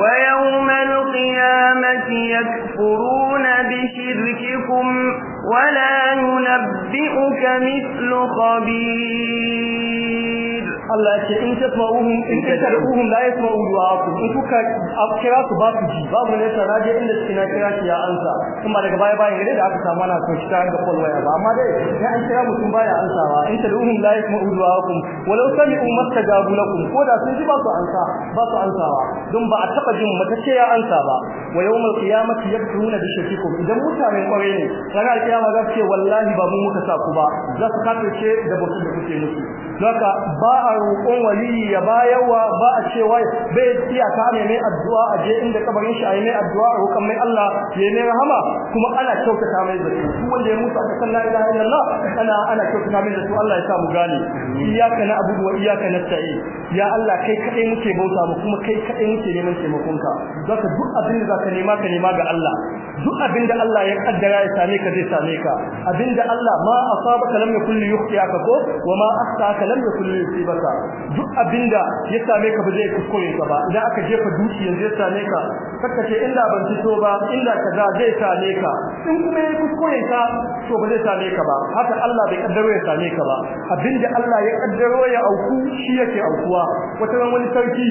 wa yawma al-qiyamati yakfuruna bi shirkikum wa la yunabbi'uka mithlu khabir Allah ya ce in tasma'uhum in tasma'uhum la yasma'u du'a'akum in kuka kira su ba su ji ba mu ne tsara je inda suke na kira shi ya ansa kuma daga baya bayan gare da aka samu ana so shi tare da ya ba amma dai sai an kira mutum baya ansa ansawa in tasma'uhum la yasma'u du'a'akum walau sami'u mastajabu lakum ko da sun ji ba su ansa ba su ansawa don ba a taba jin ce ya ansa ba wa yawmal qiyamati yakfuruna bi shirkikum idan mutane kware ne ranar kiyama za ce wallahi ba mu muka saku ba za su kafice da bukun da kuke musu haka ba a roƙon waliyi ya bayawa ba a cewa bai iya ka ne mai addu'a a je inda kabarin shi ayi mai addu'a a roƙon mai Allah ya mai rahama kuma ana kyautata mai zaki duk wanda ya mutu a kan la ilaha illallah ana ana kyautata mai zaki Allah ya sa mu gane iyyaka na'budu wa iyyaka nasta'in ya Allah kai kadai muke bauta mu kuma kai kadai muke neman taimakonka zaka duk abin da zaka nema ka nema ga Allah duk abin da Allah ya kaddara ya same ka zai same ka abin da Allah ma asabaka lam yakul yukhtiaka ko wa ma akhtaka lam yakul yusibaka duk abin da ya same ka ba zai kuskure ka ba idan aka jefa duki yanzu ya same ka kaka ce inda ban fito ba inda kaza zai same ka in kuma ya kuskure ka to ba zai same ka ba haka Allah bai kaddaro ya same ka ba abin da Allah ya kaddaro ya auku shi yake aukuwa wata ran wani sarki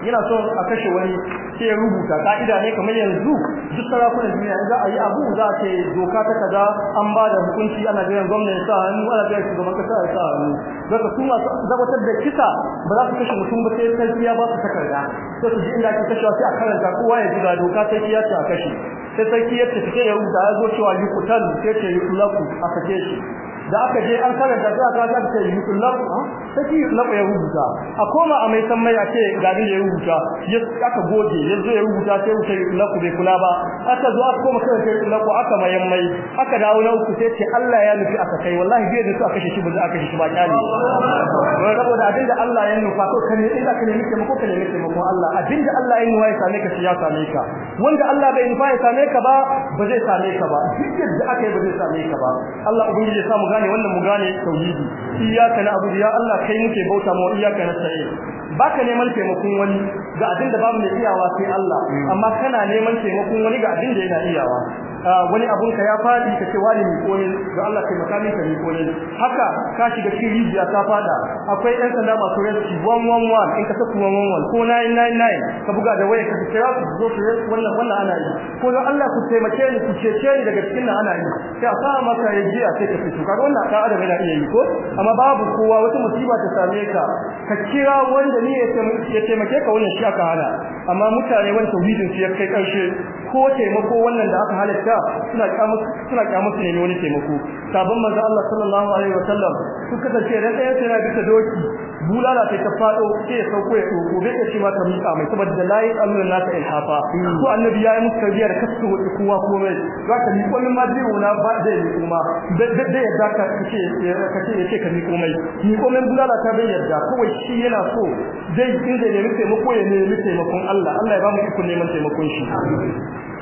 yana so a kashe wani sai ya rubuta ka'ida ne kamar yanzu duk sarakunan duniya in za a yi abu za a ce doka ta kaza an ba da hukunci ana ga gwamnati ta sa hannu ana ga shugaban kasa ya sa hannu daga su masu zabatar da kisa ba za su kashe mutum ba sai sarki ya ba su takarda sai su ji inda ake kashewa sai a karanta kowa ya ji doka ta kiyar ta a kashe sai sarki ya ce ya rubuta ya zo cewa yi kutan sai ce yukulaku a kashe shi da aka je an karanta sai aka ga yi yukulaku sai na ya rubuta a koma a mai san mai a ce garin ya rubuta ya aka goge ya zo ya rubuta sai wuce laku bai kula ba aka zo aka koma kan sai laku aka mayan mai aka dawo na uku sai ce Allah ya nufi aka kai wallahi bai da su aka shi ba aka shi ba kyale saboda abin da Allah ya nufa ko kare sai da kare nake mako kare nake mako Allah Abinda Allah ya nufa ya same ka shi ya same ka wanda Allah bai nufa ya same ka ba ba zai same ka ba duk da aka yi ba zai same ka ba Allah ubangiji ya samu gane wannan mu gane tauhidi iyyaka na'budu ya Allah kai muke bauta mu iyaka nasta'in baka neman taimakon wani ga abin da babu mai iyawa sai Allah mm. amma kana neman taimakon wani ga abin da yana iyawa wani abun ka ya fadi kace wani ni ko ne ga Allah kai makami ka ni ko ne haka ka shiga cikin rijiya ta fada akwai ɗan sanda masu rashi 111 in ka saka 111 ko 999 ka buga da waya ka kira ku zo su wannan wannan ana yi ko dan Allah ku taimake ni ku cece ni daga cikin nan ana yi sai a sa maka rijiya sai ka fito ka wannan ka adam da iya yi ko amma babu kowa wata musiba ta same ka ka kira wanda ne ya taimake ka wannan shi aka hana amma mutane wanda tauhidin su ya kai karshe ko taimako wannan da aka halatta makwabta suna kyamusu suna kyamusu ne wani taimako sabon manzo Allah sallallahu alaihi wasallam suka tace ran ɗaya tana bisa doki bulala sai ta fado sai ya sauko ya doko bai da ma ta mika mai saboda da lai Allah ta ilhafa ko annabi ya yi musu tarbiya da kasu wuce kowa komai ka mi kullum ma zai wala ba zai ni kuma da yadda ka kace kace yace ka ni komai ni komai bulala ta bai yadda kawai shi yana so zai da ne mu taimako ya ne mu taimakon Allah Allah ya ba mu ikon neman taimakon shi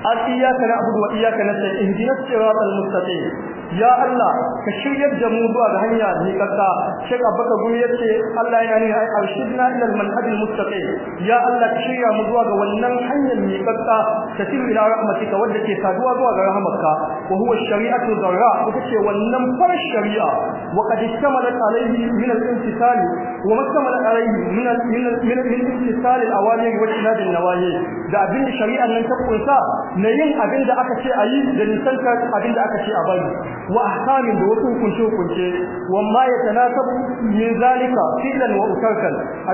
an iyyaka na'budu wa iyyaka nasta'in ihdinas siratal mustaqim ya Allah ka shiryar da mu zuwa ga hanya ne kaka Sheikh Abubakar Gumi yace Allah ya ni ai arshidna ila al-manhajil mustaqim ya Allah ka shirya mu zuwa ga wannan hanyar ne kaka tasil ila rahmatika wadda ke saduwa zuwa ga rahmatka wa huwa ash-shari'atu dharra ita ce wannan far shari'a wa qad istamalat alayhi min al-imtisali wa mastamalat alayhi min min min imtisali al-awamir wa ijtinab an-nawahi da abin shari'an nan ta kunsa na yin abin da aka ce a yi da nisantar abin da aka ce a bari wa ahkamin da wasu hukunce hukunce wa ma yatanasabu min zalika fi'lan wa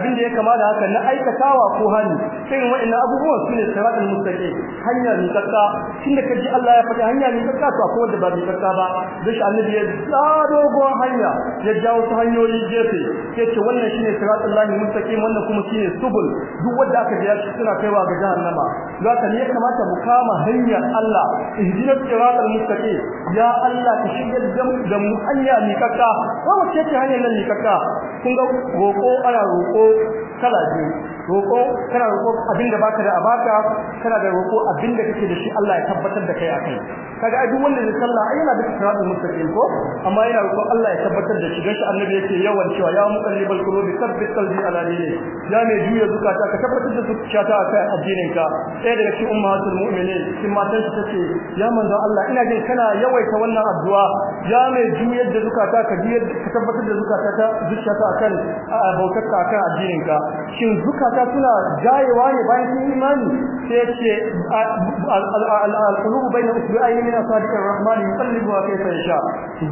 abin da ya kama da haka na aikatawa ko hani irin wa'annan abubuwan su ne siratul mustaqim hanya ne tsaka tunda kaji Allah ya faɗi hanya ne tsaka to akwai wanda ba ne tsaka ba shi annabi ya tsado hanya ya jawo wasu hanyoyi gefe ce wannan shine siratul lahi mustaqim wannan kuma shine subul duk wanda aka ji suna kaiwa ga jahannama zaka ne ya kamata mu kama hanyar Allah ihdinas siratal mustaqim ya Allah ka shigar da mu hanya mikakka ko mu ce hanyar nan mikakka kun ga roko ana roko kala biyu roko kana roko abinda baka da abaka kana da roko abinda kake da shi Allah ya tabbatar da kai a kai kaga ai duk wanda ya salla ai yana da siratal mustaqim ko amma yana roko Allah ya tabbatar da shi gashi annabi yake yawan cewa ya muqallibal qulubi thabbit qalbi ala dinik ya ne juya zukata ka tabbatar da zukata akan addininka sai da shi ummatul mu'minin cikin matan tace ya manzo Allah ina jin kana yawaita wannan addu'a ya mai juyar da zukata ka ka tabbatar da zukata ta zuciyata akan bautar akan addinin ka shin zukata suna jayewa ne bayan sun imani sai yace al-qulubu bayna usbu'ayni min asabiqir rahman yuqallibuha kayfa yasha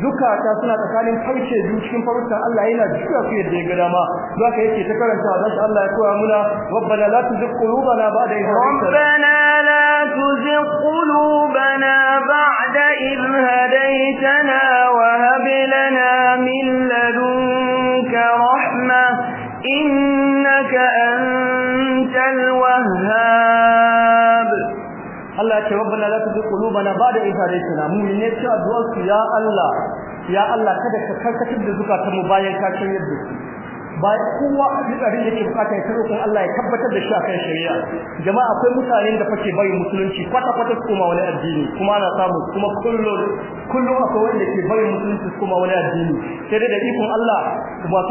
zukata suna tsakanin farce biyu cikin Allah yana juya su yadda ya ga dama zaka yace ta karanta da Allah ya koya muna rabbana la tuzigh qulubana ba'da idh hadaytana تزغ قلوبنا بعد إذ هديتنا وهب لنا من لدنك رحمة إنك أنت الوهاب الله يتوبنا لا تزغ قلوبنا بعد إذ هديتنا مؤمنين يا الله يا الله كذا كذا كذا كذا كذا كذا كذا كذا كذا su ba kowa duk abin da yake bukata ya karo Allah ya tabbatar da shi kan shari'a jama'a akwai mutane da fake bai musulunci kwata kwata su koma wani addini kuma ana samu kuma kullum kullum akwai wanda ke bai musulunci su koma wani addini sai dai da ikon Allah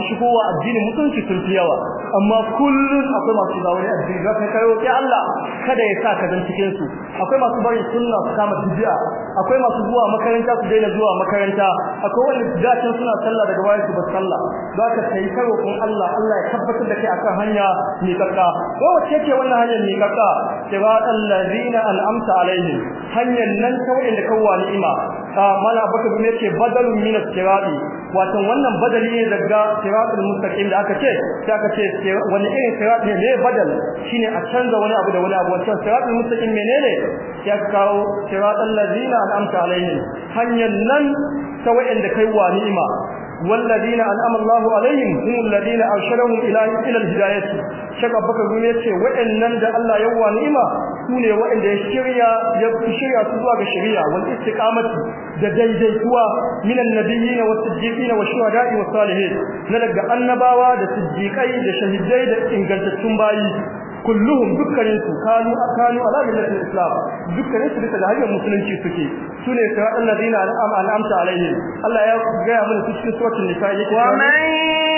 shigo wa addinin musulunci sun fi yawa amma kullum akwai masu shiga wani addini za ka kai roƙi Allah kada ya sa ka zan cikin su akwai masu bari sunna su kama akwai masu zuwa makaranta su daina zuwa makaranta akwai wanda da suna sallah daga bayan su ba sallah za ka kai karo tsoron Allah Allah ya tabbatar da kai akan hanya mai kakka ko wacce ce wannan hanyar mai kakka siratal allazina al'amta alaihim hanyar nan ta da kawwa ni'ima mala baka bin ce, badalun min sirati wato wannan badali ne daga siratul mustaqim da aka ce sai aka ce wani irin sirat ne mai badal shine a canza wani abu da wani abu wancan siratul mustaqim menene ya kawo siratal ladina al'amta alaihim hanyar nan ta da kai wa ni'ima والذين أنعم الله عليهم هم الذين أرشدهم إلى إلى الهداية شك بكر gumi yace wa'annan da Allah ya wa ni'ima sune wa'anda ya shirya ya shirya su zuwa ga shari'a wal istiqamati da daidaituwa minan nabiyyin was siddiqin was shuhada'i was salihin na daga annabawa da siddiqai da shahidai da ingantattun bayi kulluhum dukkanin su kanu kanu ala millati islam dukkanin su bisa ga hanyar musulunci suke sune ka alladina an'ama an'amta alaihim Allah ya ga ya mana cikin suratul nisa yake wa man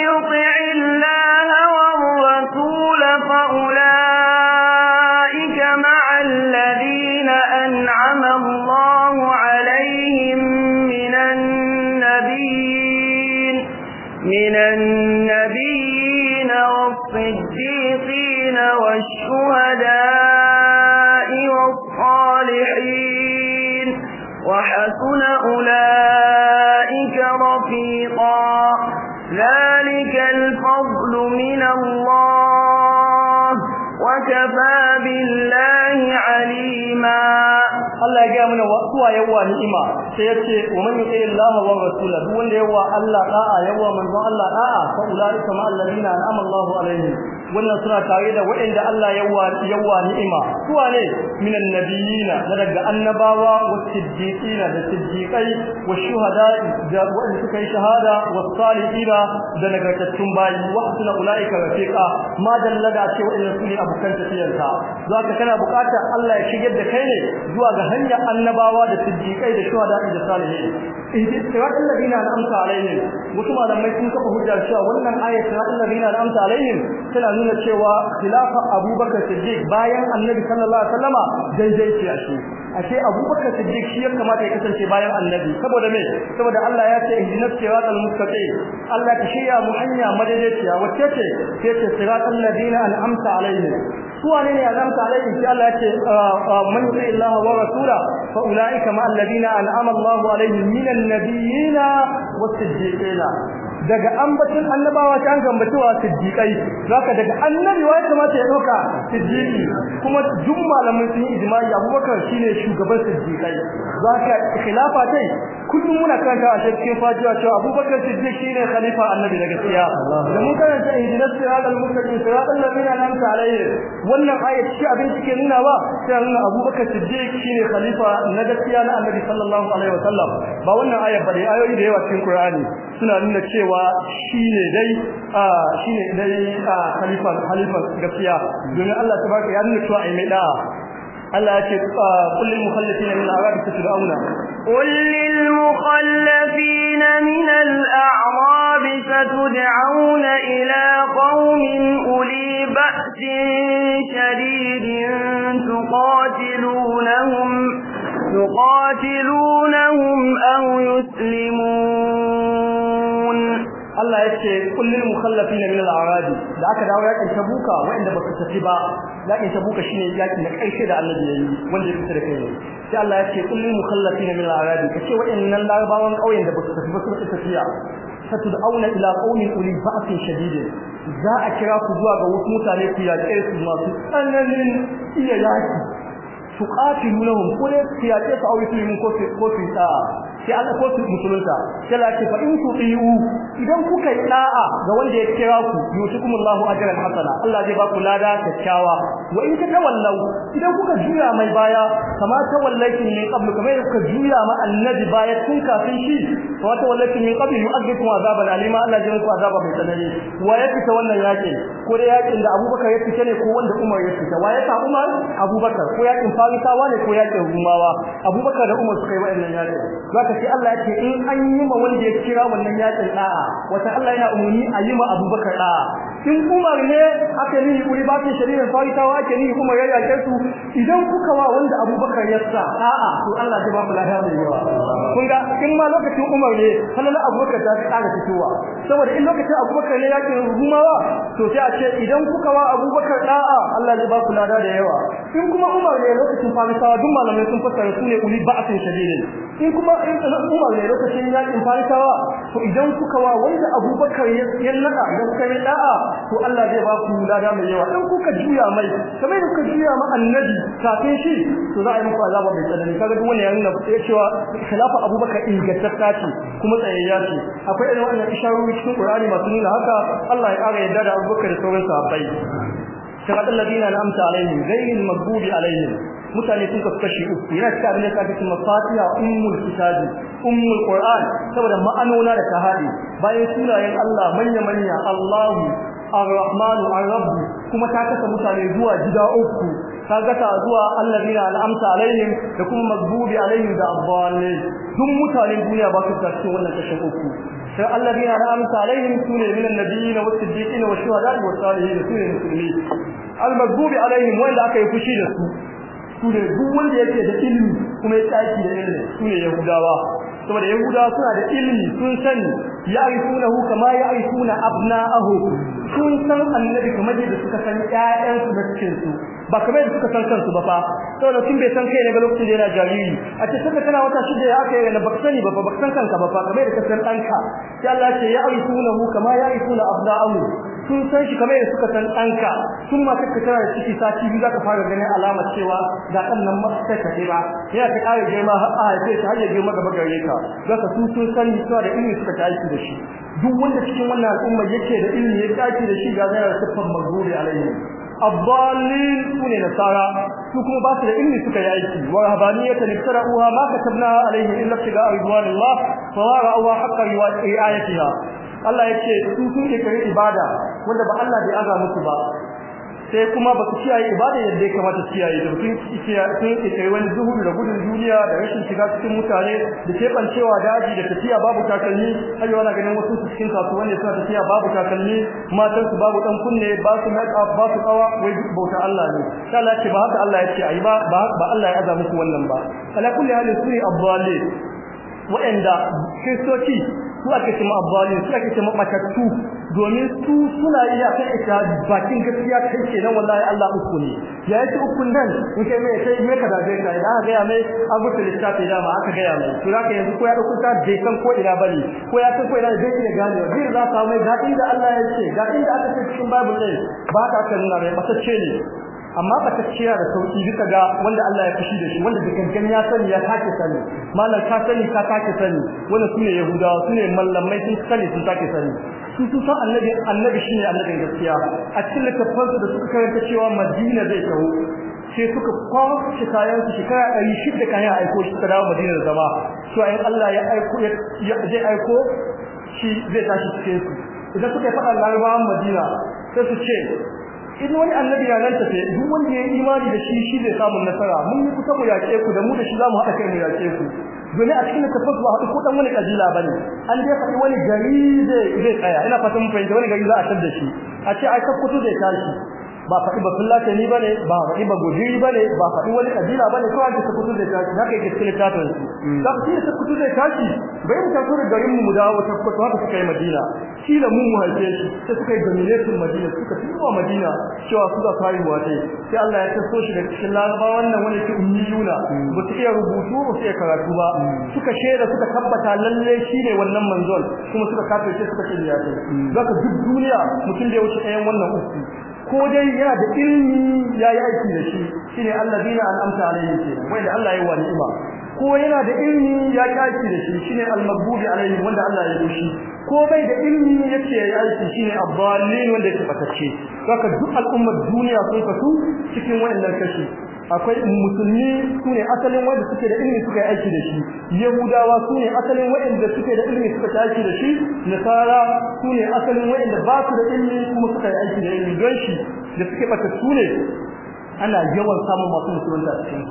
yuti'i Allah wa rasul fa ulaika ma'a alladina an'ama Allah alaihim minan nabiyyin minan والشهداء والصالحين وحسن أولئك رفيقا ذلك الفضل من الله وكفى بالله عليما Allah ya gaya mana kuwa yawa ni'ima sai ya ce wa man yuti Allah wa rasula duk wanda yawa Allah da'a yawa manzon Allah da'a fa ulai kama alladina an'ama Allahu alaihim wannan suna tare da waɗanda Allah ya yawa ni'ima kuwa ne minan nabiyina na daga annabawa wa siddiqina da siddiqai wa shuhada da waɗanda suka yi shahada wa salihina da nagartattun bayi wa hasuna ulaika rafiqa ma dallaga ce waɗanda su ne abokan tafiyarka zaka kana bukata Allah ya shigar da kai ne zuwa ga hanyar annabawa da siddiqai da shuhada da salihin idan siratal ladina an'amta alaihim wasu malamai sun kafa hujjar cewa wannan ayat siratal ladina an'amta alaihim tana nuna cewa khilafa abubakar siddiq bayan annabi sallallahu alaihi wasallama daidai ce a shi ashe abubakar siddiq shi ya kamata ya kasance bayan annabi saboda me saboda Allah ya ce ihdinas siratal mustaqim Allah ka shirya mu hanya madaidaiciya wacce ce ce ce siratal ladina an'amta alaihim su wane ne an'amta alaihim sai Allah ya ce ah, ah, man yuti Allah wa rasula fa ulaika ma alladina an'ama Allah alaihim minan nabiyina was siddiqina daga ambatin annabawa ta gambacewa siddiqai zaka daga annabi wai kamata ya doka siddiqi kuma duk malamin sun ijma'i Abubakar shine shugaban siddiqai zaka khilafa tai kullum muna karanta a cikin fatiha cewa Abubakar siddiq shine khalifa annabi da gaskiya da mun karanta ihdinas siratal mustaqim siratal ladina an'amta alaihim wannan ayat shi abin take nuna ba sai nuna Abubakar siddiq shine khalifa na gaskiya na annabi sallallahu alaihi wasallam ba wannan ayat ba da ayoyi da yawa cikin Qur'ani suna nuna cewa cewa shine dai shine dai khalifan khalifan gaskiya don Allah tabaraka ya nuna cewa ai mai da Allah ya ce kullil mukhallafin min al-a'rab satad'una kullil mukhallafin min al-a'rab satad'una ila qaumin uli ba'sin shadidin tuqatilunhum يقاتلونهم أو يسلمون Allah ya ce kullul mukhallafina min al-a'raj da aka dawo yakin tabuka wanda baka tafi ba yakin tabuka shine yakin da karshe da Allah ya yi wanda ya fitar kai sai Allah ya ce kullul mukhallafina min al-a'raj kace waɗannan larabawan kauyen da baka tafi ba suka tafiya satud'auna ila qaumin uli ba'sin shadid za a kira ku zuwa ga wasu mutane ku yaƙe masu tsananin iya tuqatilunhum ko ne su yaƙe su aure su yi ko su ta sai Allah ko su musulunta sai Allah ce fa in idan kuka yi da'a ga wanda ya kira ku yutukumullahu ajran hasana Allah zai ba ku lada kyakkyawa wa in ka tawallau idan kuka juya mai baya kama tawallaki min qabl kama kuka juya ma annabi baya tun kafin shi kama tawallaitin min qabl yu'adhikum azaban alima Allah zai ku azaba mai tsanani wa ya fita wannan yakin ko da yakin da Abubakar ya fita ne ko wanda Umar ya fita wa ya ta Umar Abubakar ko yaƙin Farisawa ne ko yakin Rumawa Abubakar da Umar suka yi wa'annan yakin zaka haka sai Allah yake in an yi ma wanda ya kira wannan yakin da'a wata Allah yana umuni a yi ma Abubakar da'a in Umar ne aka yi kuri ba ke shari'a fa'itawa ake ni kuma ya yake su idan kuka wa wanda Abubakar ya sa a'a to Allah zai ba ku lafiya mai yawa kun ga in ma lokacin Umar ne halalla Abubakar ta tsara fitowa saboda in lokacin Abubakar ne yakin rumawa to sai a ce idan kuka wa Abubakar da'a Allah zai ba ku lada da yawa in kuma Umar ne lokacin fa'itawa duk malamai sun fassara su ne kuli ba'atin shadidin in kuma in na Umar ne lokacin yakin Farisawa to idan kuka wa wanda Abubakar ya yallaka da kuka da'a to Allah zai ba ku lada mai yawa dan kuka juya mai kamar kuka juya ma annabi kafin shi to za a yi muku azaba mai tsanani kaga duk wanda ya nuna ya cewa khilafa Abubakar ingantacca ce kuma tsayayya ce akwai irin wannan isharu cikin Qur'ani masu nuna haka Allah ya ƙara yarda da Abubakar da sauran sahabbai صراط الذين أنعمت عليهم غير المغضوب عليهم mutane sun kasu kashi uku yana cikin abin da ka kuma fatiha ummul kitabi ummul qur'an saboda ma'anona da ta haɗe bayan sunayen Allah manya manya Allahu ar-rahmanu ar-rabb kuma ta kasa mutane zuwa gida uku kaga ta zuwa allazina al'amta alaihim da kuma magbubi alaihim da abbalin duk mutanen duniya ba su cikin wannan kashin uku sai allazina al'amta alaihim sune minan nabiyina was siddiqina was sune musulmi al magbubi alaihim wanda aka yi fushi da su sune duk wanda yake da ilimi kuma ya tsaki da ilimi sune yahudawa saboda yahudawa suna da ilimi sun sani ya arifunahu kama ya arifuna abna'ahu sun san annabi kamar da suka san ƴaƴan su da cikin su ba kamar yadda suka san kansu ba fa saboda sun bai san kai ga lokacin da yana jariri a ce saka kana wata shida ya aka yi baka sani ba ba kanka ba fa kamar yadda ka san ɗanka sai Allah ya ce ya arifunahu kama ya na abna'ahu sun san shi kamar yadda suka san ɗanka sun ma kaka tara da ciki sati biyu zaka fara ganin alamar cewa da ɗan nan ma sai ka ba yana ta ƙara girma har a haife ta har ya girma gaba gare ka zaka sun sun san cewa da ilimi suka aiki da shi duk wanda cikin wannan al'umma yake da ilimi ya tashi da shi ga zai rasa fan magrubi alaihi abbalin sune nasara su kuma ba su da ilmi suka yi aiki wa rahabaniyatan iftara'uha ma katabnaha alaihim illa ibtiga'a ridwanillah fa ra'awha haqqa riwayatiha Allah ya ce su sun kare ibada wanda ba Allah bai aza musu ba sai kuma ba su kiyaye ibada yadda ya kamata kiyaye da sun kiyaye wani zuhudu da gudun duniya da rashin shiga cikin mutane da keɓancewa daji da tafiya babu takalmi har yau ana ganin wasu su cikin kasuwanni suna tafiya babu takalmi matan babu ɗan kunne ba su make up wai duk bauta Allah ne sai Allah ba haka Allah ya ayi ba ba Allah ya aza musu wannan ba ala kulli halin suri abdalin wa'anda kristoci su ake ce ma su ake ce domin su suna iya kai ita bakin gaskiya kai ke nan wallahi Allah uku ne ya yi uku nan in kai mai sai mai kada dai kai aka ga mai abu da lissafi da ma aka ga mai to kai yanzu ko ya dauko ta dai san ko ina bane ko ya san ko ina dai ne gane zai za ka mai da inda Allah ya ce da inda aka ce cikin babu ne ba ka nuna mai ce ne amma batacciya da sauki duka ga wanda Allah ya fushi da shi wanda dukankan ya sani ya take sani malam ka sani ka take sani wanda sune yahudawa sune mallamai sun sani sun take sani su su san annabi annabi shine annabin gaskiya a cikin littafansu da suka karanta cewa Madina zai tawo sai suka kwashe kayan su shekara ɗari shida kayan aiko shi ta dawo Madina da zama cewa in Allah ya aiko ya je aiko shi zai tashi cikin su idan suka faɗa larabawan Madina sai su ce in wani annabi ya nan tafe duk wanda ya yi imani da shi shi zai samu nasara mun yi kusa mu yake ku da mu da shi zamu haɗa kai mu yake ku domin a cikin tafas ba haɗu ko dan wani ba bane an dai faɗi wani gari zai zai tsaya ina fatan mun fahimta wani gari za a tar da shi a ce ai kakkutu zai tashi ba faɗi ba ni bane ba faɗi ba ni bane ba faɗi wani kabila bane an ta kutu da tashi haka yake cikin tatan su da mm. kuma ta kutu da tashi bai mu tafi da garin mu dawo ta kutu haka suka yi madina shi da mu mu haife shi sai suka yi madina suka fi wa madina cewa su da kai wa dai sai Allah ya taso shi da cikin laraba wannan wani ke ummiyuna mm. ba su iya rubutu ba sai karatu ba mm. suka shaida suka tabbata lalle shi ne wannan manzon kuma suka kafe shi suka shirya ce zaka duk duniya mutum da ya wuce ɗayan wannan uku ko dai yana da ilmi yi aiki da shi shine alladina an'amta alaihim kenan wanda Allah ya yi wa ni'ima ko yana da ilimi ya kaki da shi shine al-maghdubi alaihi wanda Allah ya dushi ko bai da ilimi yace ya aiki shine abdallin wanda yake fatacce saka duk al'ummar duniya sun kasu cikin wannan kashi akwai musulmi sune asalin wanda suke da ilimi suka aiki da shi yahudawa sune asalin wanda suke da ilmi suka aiki da shi nasara sune asalin wanda ba su da ilmi kuma suka aiki da ilmi don shi da suke fatacce sune ana yawan samun masu musulunta cikin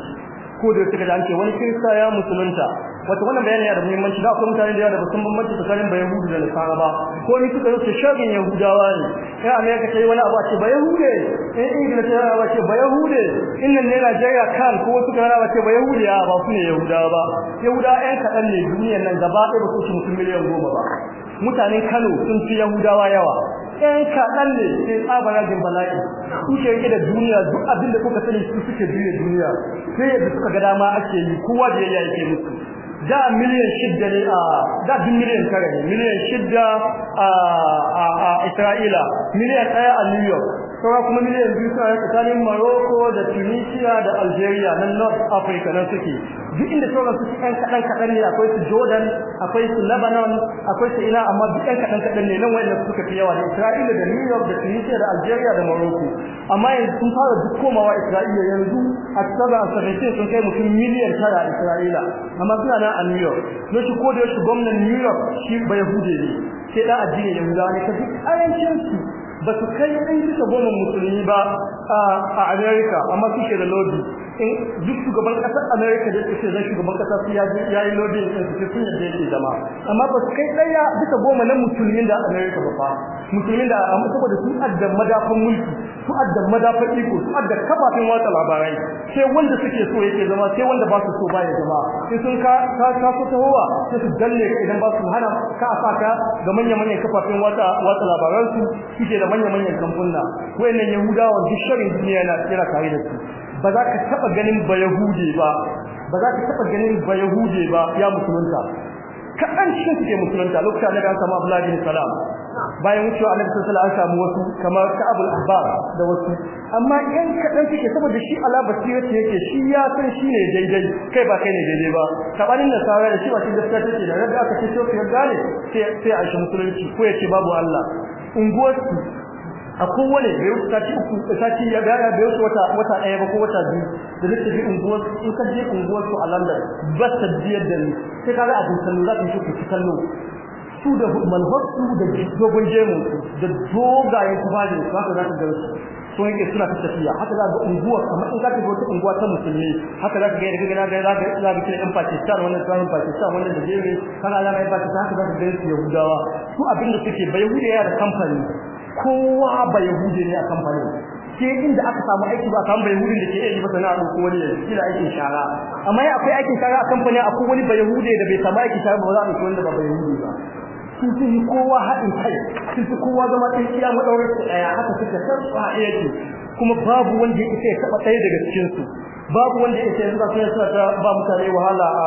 ko da suka da an ce wani kirista ya musulunta wato wannan bayani yana da muhimmanci da akwai mutane da yawa da ba sun bambanci tsakanin Bayan hudu da nasara ba ko ni suka yi shagin yahudawa ne in amerika ta yi wani abu a ce ba yahude in ingila ta yi wani abu a ce ba hude." in nan ne najeriya kan ko wasu kan ba ce ba ya ba su ne yahudawa ba yahudawa yan kaɗan ne duniyan nan gaba ɗaya ba su ci mutum miliyan goma ba mutanen kano sun fi yahudawa yawa ɗan kaɗan ne sai tsabarajin bala'i ke yake da duniya duk abin da kuka sani su suke duniya duniya sai yadda suka ga dama ake yi kowa da ya yake musu da miliyan shidda ne a da miliyan miliyan a Isra'ila miliyan ɗaya a New York saura kuma miliyan biyu suna tsakanin Morocco da Tunisia da Algeria na North Africa nan suke duk inda sauran su kan kaɗan kadan ne akwai su Jordan akwai su Lebanon akwai su ina amma duk kan kadan kadan ne nan wanda suka fi yawa da Isra'ila da New York da Tunisia da Algeria da Morocco amma yanzu sun fara duk komawa Isra'ila yanzu a a asabiti sun kai mutum miliyan tara a Isra'ila amma suna nan a New York shi ko da shi gwamnatin New York shi bai hude ne sai da addini ya muzawa ne ka duk ayancin su ba su kai ɗan bisa goma musulmi ba a america amma ke da lodi in duk shugaban ƙasar america da suke zai shugaban ƙasa su ya yi lodi in su sun yadda yake zama amma ba su kai ɗaya bisa goma na musulmi da america ba fa musulmi da amma saboda su adda madafan mulki su adda madafan iko su adda kafafen watsa labarai sai wanda suke so yake zama sai wanda ba su so ba ya zama In sun ka ka ka hawa sai su dalle idan ba su hana ka a ga manya-manyan kafafen watsa watsa labaransu suke da manya-manyan kamfuna wayannan yahudawa duk sharin duniya yana tsira kare da su ba za ka taba ganin ba yahude ba ba za ka taba ganin ba yahude ba ya musulunta kaɗan shi suke musulunta lokacin da an samu Abdullahi bin Salam bayan wucewa Annabi sallallahu alaihi samu wasu kamar Ka'abul Ahbar da wasu amma yan kaɗan suke saboda shi ala basirati yake shi ya san shi ne daidai kai ba kai ne daidai ba sabanin nasara da shi ba shi gaskiya take da rabbi aka ce to ya gane sai a shi musulunci ko ya ce babu Allah unguwarsu a kowane da yau sati uku sati ya ga da yau wata wata ɗaya ba ko wata biyu da zai tafi unguwar in ka je unguwar su a London ba ta biyar da ni sai ka ga abin sallu za ka shi ku kallo su da malhassu da dogon jemu da dogayen tufafin ba haka za ka ga sun yake suna ta tafiya haka za ga unguwa kamar in ka tafi wata unguwa ta musulmi haka za ka ga daga gina ga za ka za ka kira yan Pakistan wannan tsarin Pakistan wannan da jere kana za ka Pakistan haka za ka ga Yahudawa su abin da suke bai hudiya da kamfani kowa ba yahudi ne a kamfanin ke inda aka samu aiki ba kan bai hudin da ke yi ba sana'a ko wani kila aikin shara amma ya akwai aikin shara a kamfani akwai wani bai hude da bai samu aikin shara ba za a wanda ba bai hude ba sun fi kowa haɗin kai sun fi kowa zama maɗaurin su ɗaya haka suka ɗaya yake kuma babu wanda ya isa ya taɓa ɗaya daga cikinsu. babu wanda yake yanzu sai sa ta ba mutane wahala a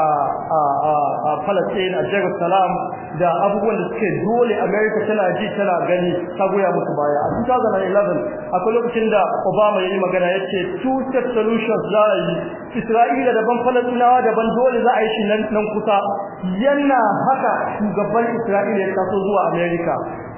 a a Palestine a Jabar Salam da abubuwan da suke dole America tana ji tana gani ta musu baya a 2011 akwai lokacin da Obama ya yi magana ya ce two state solutions za a yi Isra'ila daban da daban dole za a yi shi nan kusa yana haka shugaban Isra'ila ya taso zuwa America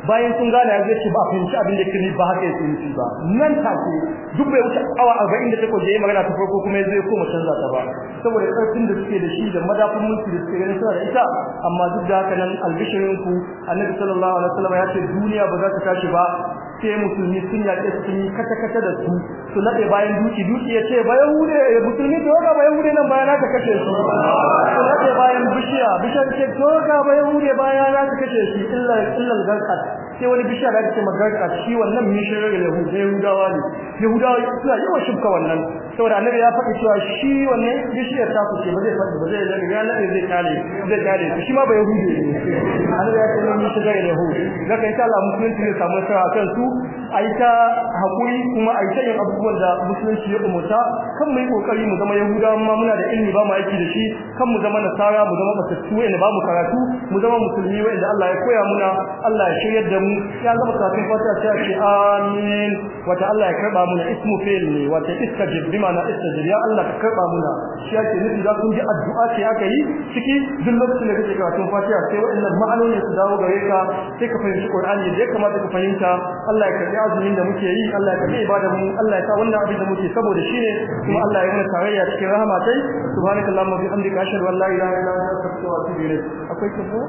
bayan sun gane ya zai ba fahimci abin da kiri ba haka yake nufi ba nan take duk bai wuce awa 40 da ya yi magana ta farko kuma zai koma canza ta ba saboda karfin da suke da shi da madafin mulki da suke ganin suna da ita amma duk da haka nan albishirin ku annabi sallallahu alaihi wasallam ya ce duniya ba za ta tashi ba sai musulmi sun yaƙe su sun yi kata-kata da su su naɗe bayan duki duki ya ce bayan hude musulmi to ga bayan hude nan bayan aka kashe su su naɗe bayan bishiya bishiyar ce to ga bayan hude bayan aka kace shi illa illa zarkat sai wani bishiya da ake magarka shi wannan mishirar yahudawa yahudawa ne yahudawa suna yawan shubka wannan saboda annabi ya faɗi cewa shi wannan bishiyar ta kuce ba zai faɗi ba zai zai ga nade zai kare zai kare shi ma ba yahudi ne annabi ya ce mishirar yahudawa zaka insha Allah musulunci zai samu sa'a kan su aita hakuri kuma a yin abubuwan da musulunci ya umarta kan mu yi ƙoƙari mu zama yahuda amma muna da ilimi ba mu aiki da shi kan mu zama nasara mu zama basassu wanda ba mu karatu mu zama musulmi wanda Allah ya koya muna Allah ya shiryar da mu ya zama kafin fata ta ce amin wata Allah ya karba muna ismu fil ne wata istajib bima na istajib ya Allah ka karba muna shi yake nufi za ku ji addu'a ce aka yi ciki duk lokacin da kake karatun fatiha sai wa'annan ma'anoni su dawo gare ka sai ka fahimci Qur'ani da ya kamata ka fahimta Allah ya karbi na azumin da muke yi Allah ya kabe ibada mu Allah ya sa wannan abin da muke saboda shine kuma Allah ya mana tarayya cikin rahama sai subhanakallahumma wa bihamdika ashhadu an la ilaha illa anta astaghfiruka wa atubu ilayk akwai ko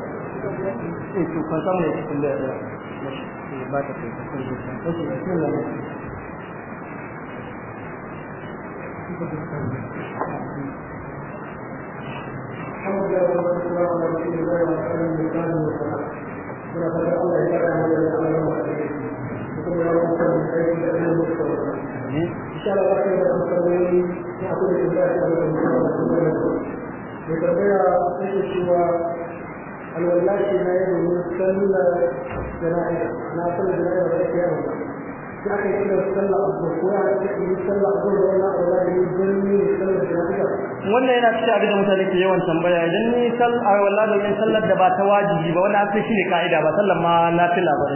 eh to kan samu ne cikin da ba ta kai kan insha Allah sai da musulmi ya kuma da da tambaya take cewa alwallahi na yi domin sallar jana'a na sallar jana'a da ake yawa sai aka yi sallah abu ko ya yi sallah abu wannan yana cikin abin da mutane ke yawan tambaya idan ni a walla domin sallar da ba ta wajibi ba wannan asali shine kaida ba sallar ma nafila ba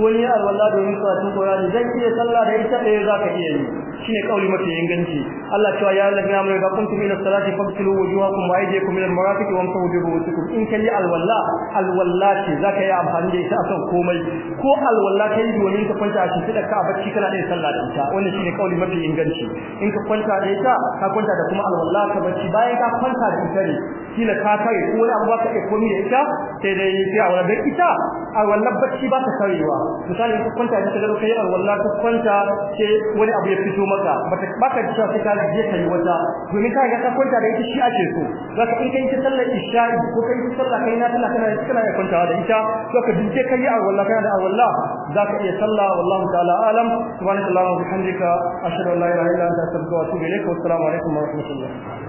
ko ni alwala domin karatun Qur'ani zan iya sallah da ita eh zaka iya yi shine kauli mafi inganci Allah cewa ya ina amru idza kuntum ila salati fagsilu wujuhakum wa aydiyakum ila marafiq wa bi ru'usikum in kai alwalla alwalla ce zaka yi amfani da ita kan komai ko alwalla kai domin ka kwanta a da ka bacci kana da sallah da ita wannan shine kauli mafi inganci in ka kwanta da ita ka kwanta da kuma alwalla ka bacci bayan ka kwanta da ita ne kila ka kare ko wani abu ba ka kai komai da ita sai dai sai a da ita a wannan bacci ba ka karewa misali ka kwanta da ita da kai alwalla ka kwanta sai wani abu ya fito maka baka da cewa sai ka je kai wata domin ka ga ka kwanta da ita shi ake so zaka in kai sallar isha'i ko kai sallar kai na tana kana kana ya kwanta da ita to ka dinke kai ya Allah kana da Allah zaka iya sallah wallahu ta'ala alam subhanallahi wa bihamdika ashhadu an la ilaha illa anta astaghfiruka wa atubu ilaik wa assalamu alaikum wa rahmatullah